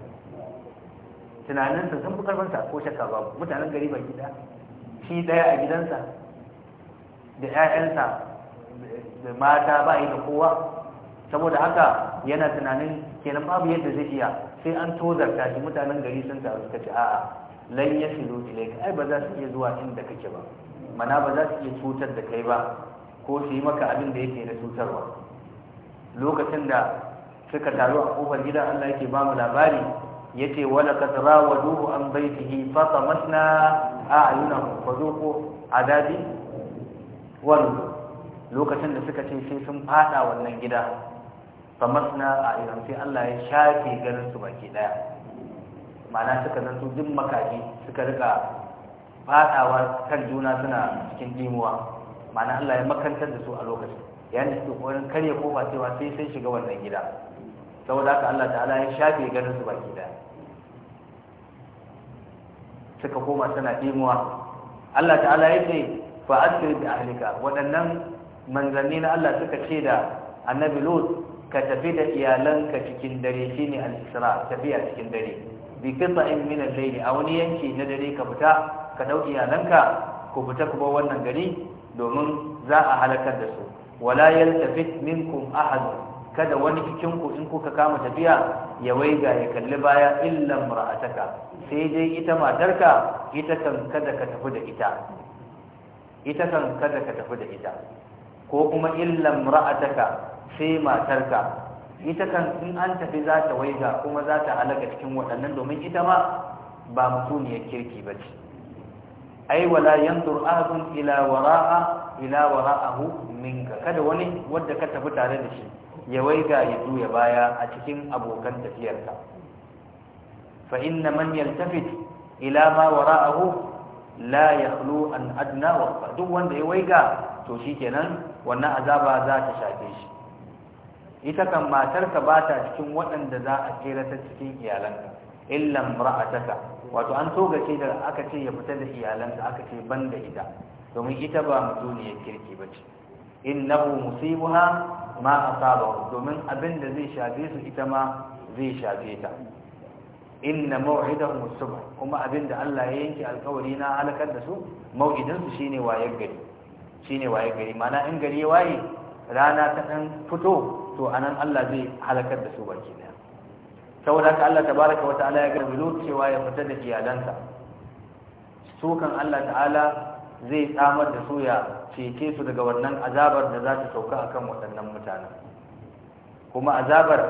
tunaninsa sun fi sa ko shakka babu mutanen gari ba gida shi ɗaya a gidansa da 'ya'yansa da mata ba yi da kowa saboda haka yana tunanin kenan babu yadda zai iya sai an tozarta shi mutanen gari sun taru suka ce a'a lan yasilu ilayka ai ba za su iya zuwa inda kake ba mana ba za su iya cutar da kai ba ko su yi maka abin da yake na cutarwa lokacin da suka taru a kofar gidan Allah yake ba mu labari yace wala duhu an baitihi fatamatna a'yunahum fadhuqu adabi wal lokacin da suka ce sai sun fada wannan gida a a'yunahum sai Allah ya shafe ganin su baki daya ma'ana suka zanto jin makaji suka rika fadawa kan juna suna cikin dimuwa ma'ana Allah ya makantar da su a lokacin yayin da su kokarin karya kofa cewa sai sai shiga wannan gida saboda haka Allah ta'ala ya shafe ganin su baki da suka koma suna dimuwa Allah ta'ala ya ce fa asir bi ahlika waɗannan manzanni na Allah suka ce da annabi Lut ka tafi da iyalanka cikin dare shine al-isra tafiya cikin dare bi qita'in min al-layl a wani yanki na dare ka fita ka dau iyalanka ku fita ku bar wannan gari domin za a halakar da su wala yaltafit minkum ahad kada wani cikinku in kuka kama tafiya ya waiga ya kalli baya illan imra'ataka sai dai ita matarka ita kan kada ka tafi da ita ita kan kada ka tafi da ita ko kuma illan imra'ataka sai matarka ita kan in an tafi za ta waiga kuma za ta halaka cikin waɗannan domin ita ma ba mutuniyar kirki ba ce ai wala yanzur ahadun ila wara'a ila wara'ahu minka kada wani wanda ka tafi tare da shi ya waiga ya duya baya a cikin abokan tafiyarsa fa inna man yaltafit ila ma wara'ahu la yakhlu an adna wa duk wanda ya waiga to shikenan wannan azaba za ta shafe shi ita kan matarka ba ta cikin waɗanda za a tsira ta cikin iyalanka illa ra'ataka wato an togace da aka ce ya fita da iyalansa aka ce ban da ita domin ita ba mutuniyar kirki ba ce innahu musibuha ma a saba domin abin da zai shafe su ita ma zai shafe ta inna maw'idahum as kuma abin da Allah ya yanke alkawari na halakar da su maw'idin su shine wayar gari shine wayar gari mana in gari ya waye rana ta dan fito to anan Allah zai halakar da su baki daya saboda haka Allah tabaraka wa ta'ala ya garbi cewa ya fita da iyalansa su kan Allah ta'ala zai tsamar da su ya cece su daga wannan azabar da za ta sauka a kan waɗannan mutanen kuma azabar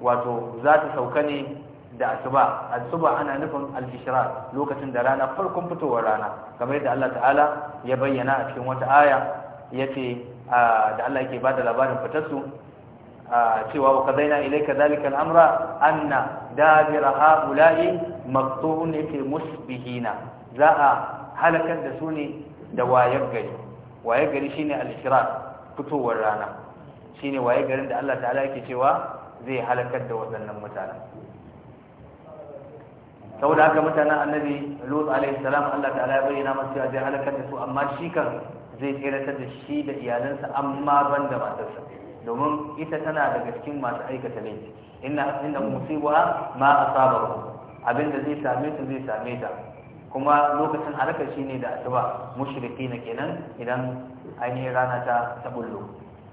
wato za ta sauka ne da asuba asuba ana nufin al lokacin da rana farkon fitowar rana kamar da Allah ta'ala ya bayyana a cikin wata aya yace da Allah yake bada labarin fitarsu cewa wa kadaina ilayka zalika al-amra anna dabira haula'i maqtu'un fi musbihina za a halakar da su ne da wayar gari wayar gari shine al-ishraq fitowar rana shine wayar garin da Allah ta'ala yake cewa zai halakar da waɗannan mutanen saboda haka mutanen annabi lut alaihi salam Allah ta'ala ya bayyana masa zai halakar da su amma shi kan zai tseratar da shi da iyalansa amma ban da matarsa domin ita tana daga cikin masu aikata laifi inna inda musibuha ma asabahu abinda zai same su zai same ta kuma lokacin shi ne da asuba na kenan idan ainihin rana ta tabullo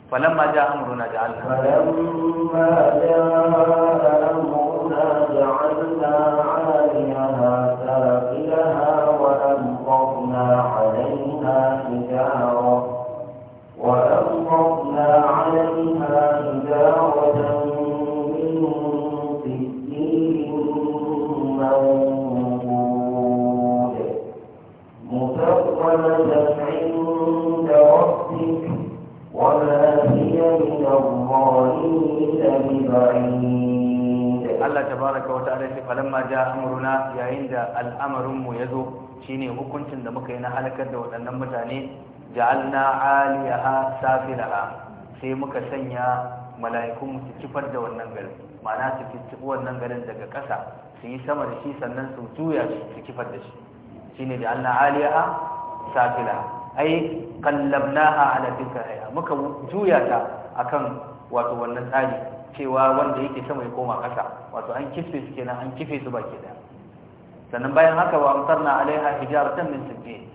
falamma ja amruna ja'alna falamma hukuncin da muka yi na halakar da waɗannan mutane ja'alna aliyaha safilaha sai muka sanya mala'ikun su kifar da wannan garin ma'ana su kifi wannan garin daga ƙasa su yi sama da shi sannan su juya su kifar da shi shine ja'alna aliyaha safilaha ai kallabnaha ala fikraha muka juya ta akan wato wannan tsari cewa wanda yake sama ya koma ƙasa wato an kife su kenan an kife su baki daya sannan bayan haka wa amtarna alaiha hijaratan min sijil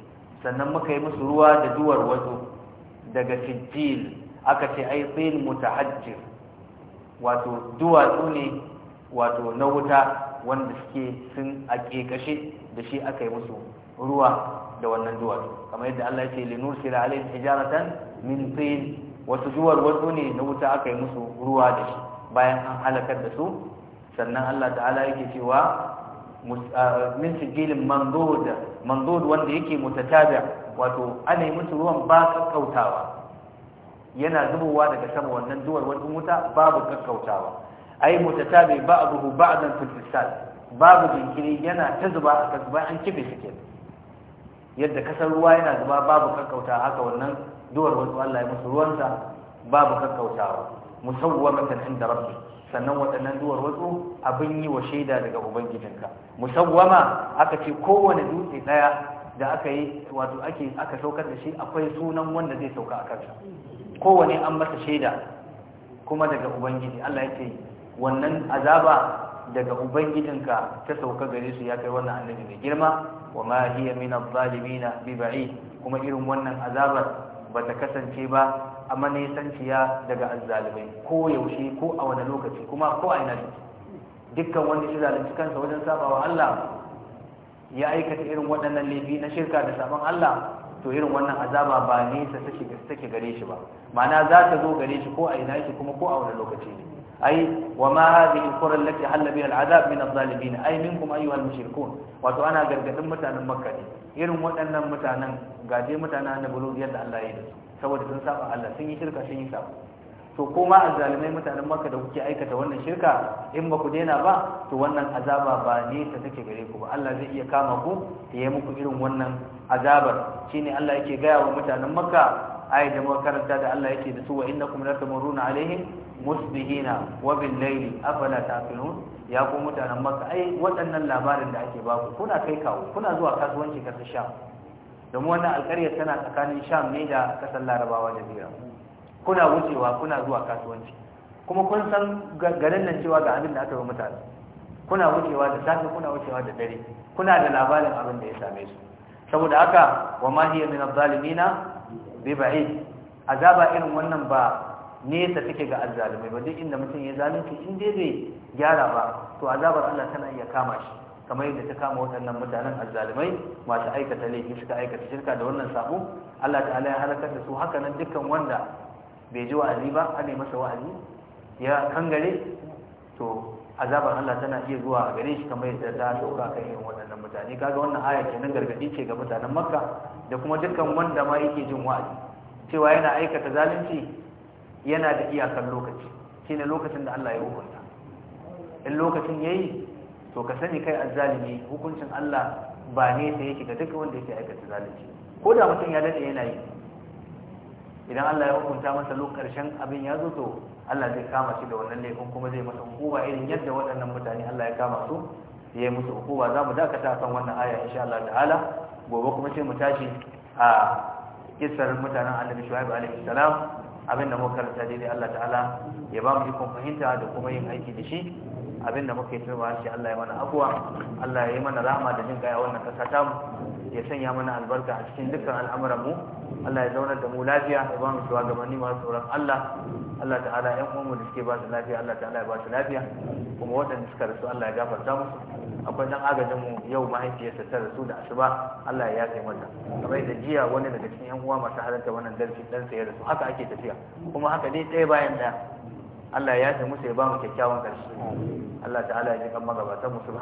sannan muka yi musu ruwa da duwar wazo daga sijil aka ce ai tin mutahajjir wato duwatsu ne wato na wuta wanda suke sun a kashe da shi aka yi musu ruwa da wannan duwatsu kamar yadda Allah ya ce linursila alaihim hijaratan min tin wasu duwar wazo ne na wuta aka yi musu ruwa da shi bayan an halakar da su sannan Allah ta'ala yake cewa Ah, min sijilin mandud mandud wanda yake mutatabi wato ana yi musu ruwan ba kakkautawa yana zubowa daga sama wannan duwar wajen wuta babu kakkautawa ai mutatabi ba'dahu ba'dan fil fisal babu jinkiri yana ta zuba a kasba an kife shi ke yadda kasar ruwa yana zuba babu kakkautawa haka wannan duwar wajen Allah ya musu ruwansa babu kakkautawa musawwamatan inda rabbi sannan waɗannan duwar wasu abin yi wa shaida daga ubangijinka musawwama aka ce kowane dutse daya da aka yi wato ake aka saukar da shi akwai sunan wanda zai sauka a kansa kowane an masa shaida kuma daga ubangiji Allah ya ce wannan azaba daga ubangijinka ta sauka gare su ya kai wannan annabi mai girma wa ma hiya min adh-dhalimin bi ba'id kuma irin wannan azabar bata kasance ba a manisanciya daga azzalumai ko yaushe ko a wani lokaci kuma ko a ina dukkan wanda shi zalunci kansa wajen sabawa Allah ya aikata irin waɗannan laifi na shirka da sabon Allah to irin wannan azaba ba nesa take gare shi ba ma'ana za ta zo gare shi ko a ina shi, kuma ko a wani lokaci ne ai wa ma hadhihi al-qura allati halla biha al-azab min adh-dhalimin ai minkum ayyuha al-mushrikun wato ana gargadin mutanen makka ne irin waɗannan mutanen gaje mutanen annabi yadda Allah ya yi da su saboda sun saba Allah sun yi shirka sun yi sabo to kuma azzalimai mutanen maka da kuke aikata wannan shirka in ba ku daina ba to wannan azaba ba ne ta take gare ku ba Allah zai iya kama ku ya yi muku irin wannan azabar shine Allah yake gaya wa mutanen maka ayat da muka da Allah yake da su wa innakum latamuruna alaihim musbihina wa bil layli afala taqilun ya ku mutanen makka ai waɗannan labarin da ake baku kuna kai kawo kuna zuwa kasuwanci kasar sha domin wannan alƙaryar tana tsakanin sham ne da ƙasar larabawa da biyar kuna wucewa kuna zuwa kasuwanci kuma kun san garin nan cewa ga abin da aka yi mutane kuna wucewa da safe kuna wucewa da dare kuna da labarin abin da ya same su saboda haka wa ma hiya min adh-dhalimina bi ba'id azaba irin wannan ba ne ta take ga azzalimai ba duk inda mutum ya zalunci in dai bai gyara ba to azabar Allah tana iya kama shi kamar yadda ta kama waɗannan mutanen azzalumai masu aikata laifi suka aikata shirka da wannan sabo Allah ta'ala ya halakar da su haka nan dukkan wanda bai ji wa'azi ba ana masa wa'azi ya kangare to azabar Allah tana iya zuwa a gare shi kamar yadda ta sauka kan irin waɗannan mutane kaga wannan aya kenan gargadi ce ga mutanen Makka da kuma dukkan wanda ma yake jin wa'azi cewa yana aikata zalunci yana da iyakar lokaci shine lokacin da Allah ya hukunta in lokacin yayi to ka sani kai azzalimi hukuncin Allah ba ne sai yake ga duka wanda yake aikata zalunci ko da mutum ya dade yana yi idan Allah ya hukunta masa lokacin abin ya zo to Allah zai kama shi da wannan laifin kuma zai masa hukuma irin yadda waɗannan mutane Allah ya kama su ya yi musu hukuma za mu dakata kan wannan aya insha Allah ta'ala gobe kuma sai mu tashi a kisar mutanen Annabi Shu'aib alaihi salam abin da muka karanta daidai Allah ta'ala ya ba mu ikon fahimta da kuma yin aiki da shi Abin abinda muke cewa shi Allah ya mana abuwa Allah ya yi mana rahama da jin gaya wannan kasa ta ya sanya mana albarka a cikin dukkan al'amuran mu Allah ya zauna da mu lafiya ya ba mu manni masu tsoron Allah Allah ta'ala ƴan uwanmu da suke ba su lafiya Allah ta'ala ya ba su lafiya kuma waɗanda suka rasu Allah ya gafarta mu akwai dan agajin mu yau mahaifiyarsa ta rasu da asuba Allah ya yafe mata kamar da jiya wani daga cikin ƴan uwa masu halarta wannan darasi dan sa ya rasu haka ake tafiya kuma haka dai ɗaya bayan ɗaya Allah ya yafe musu ya ba mu kyakkyawan karshe Allah ta'ala ya ji kan magabatan mu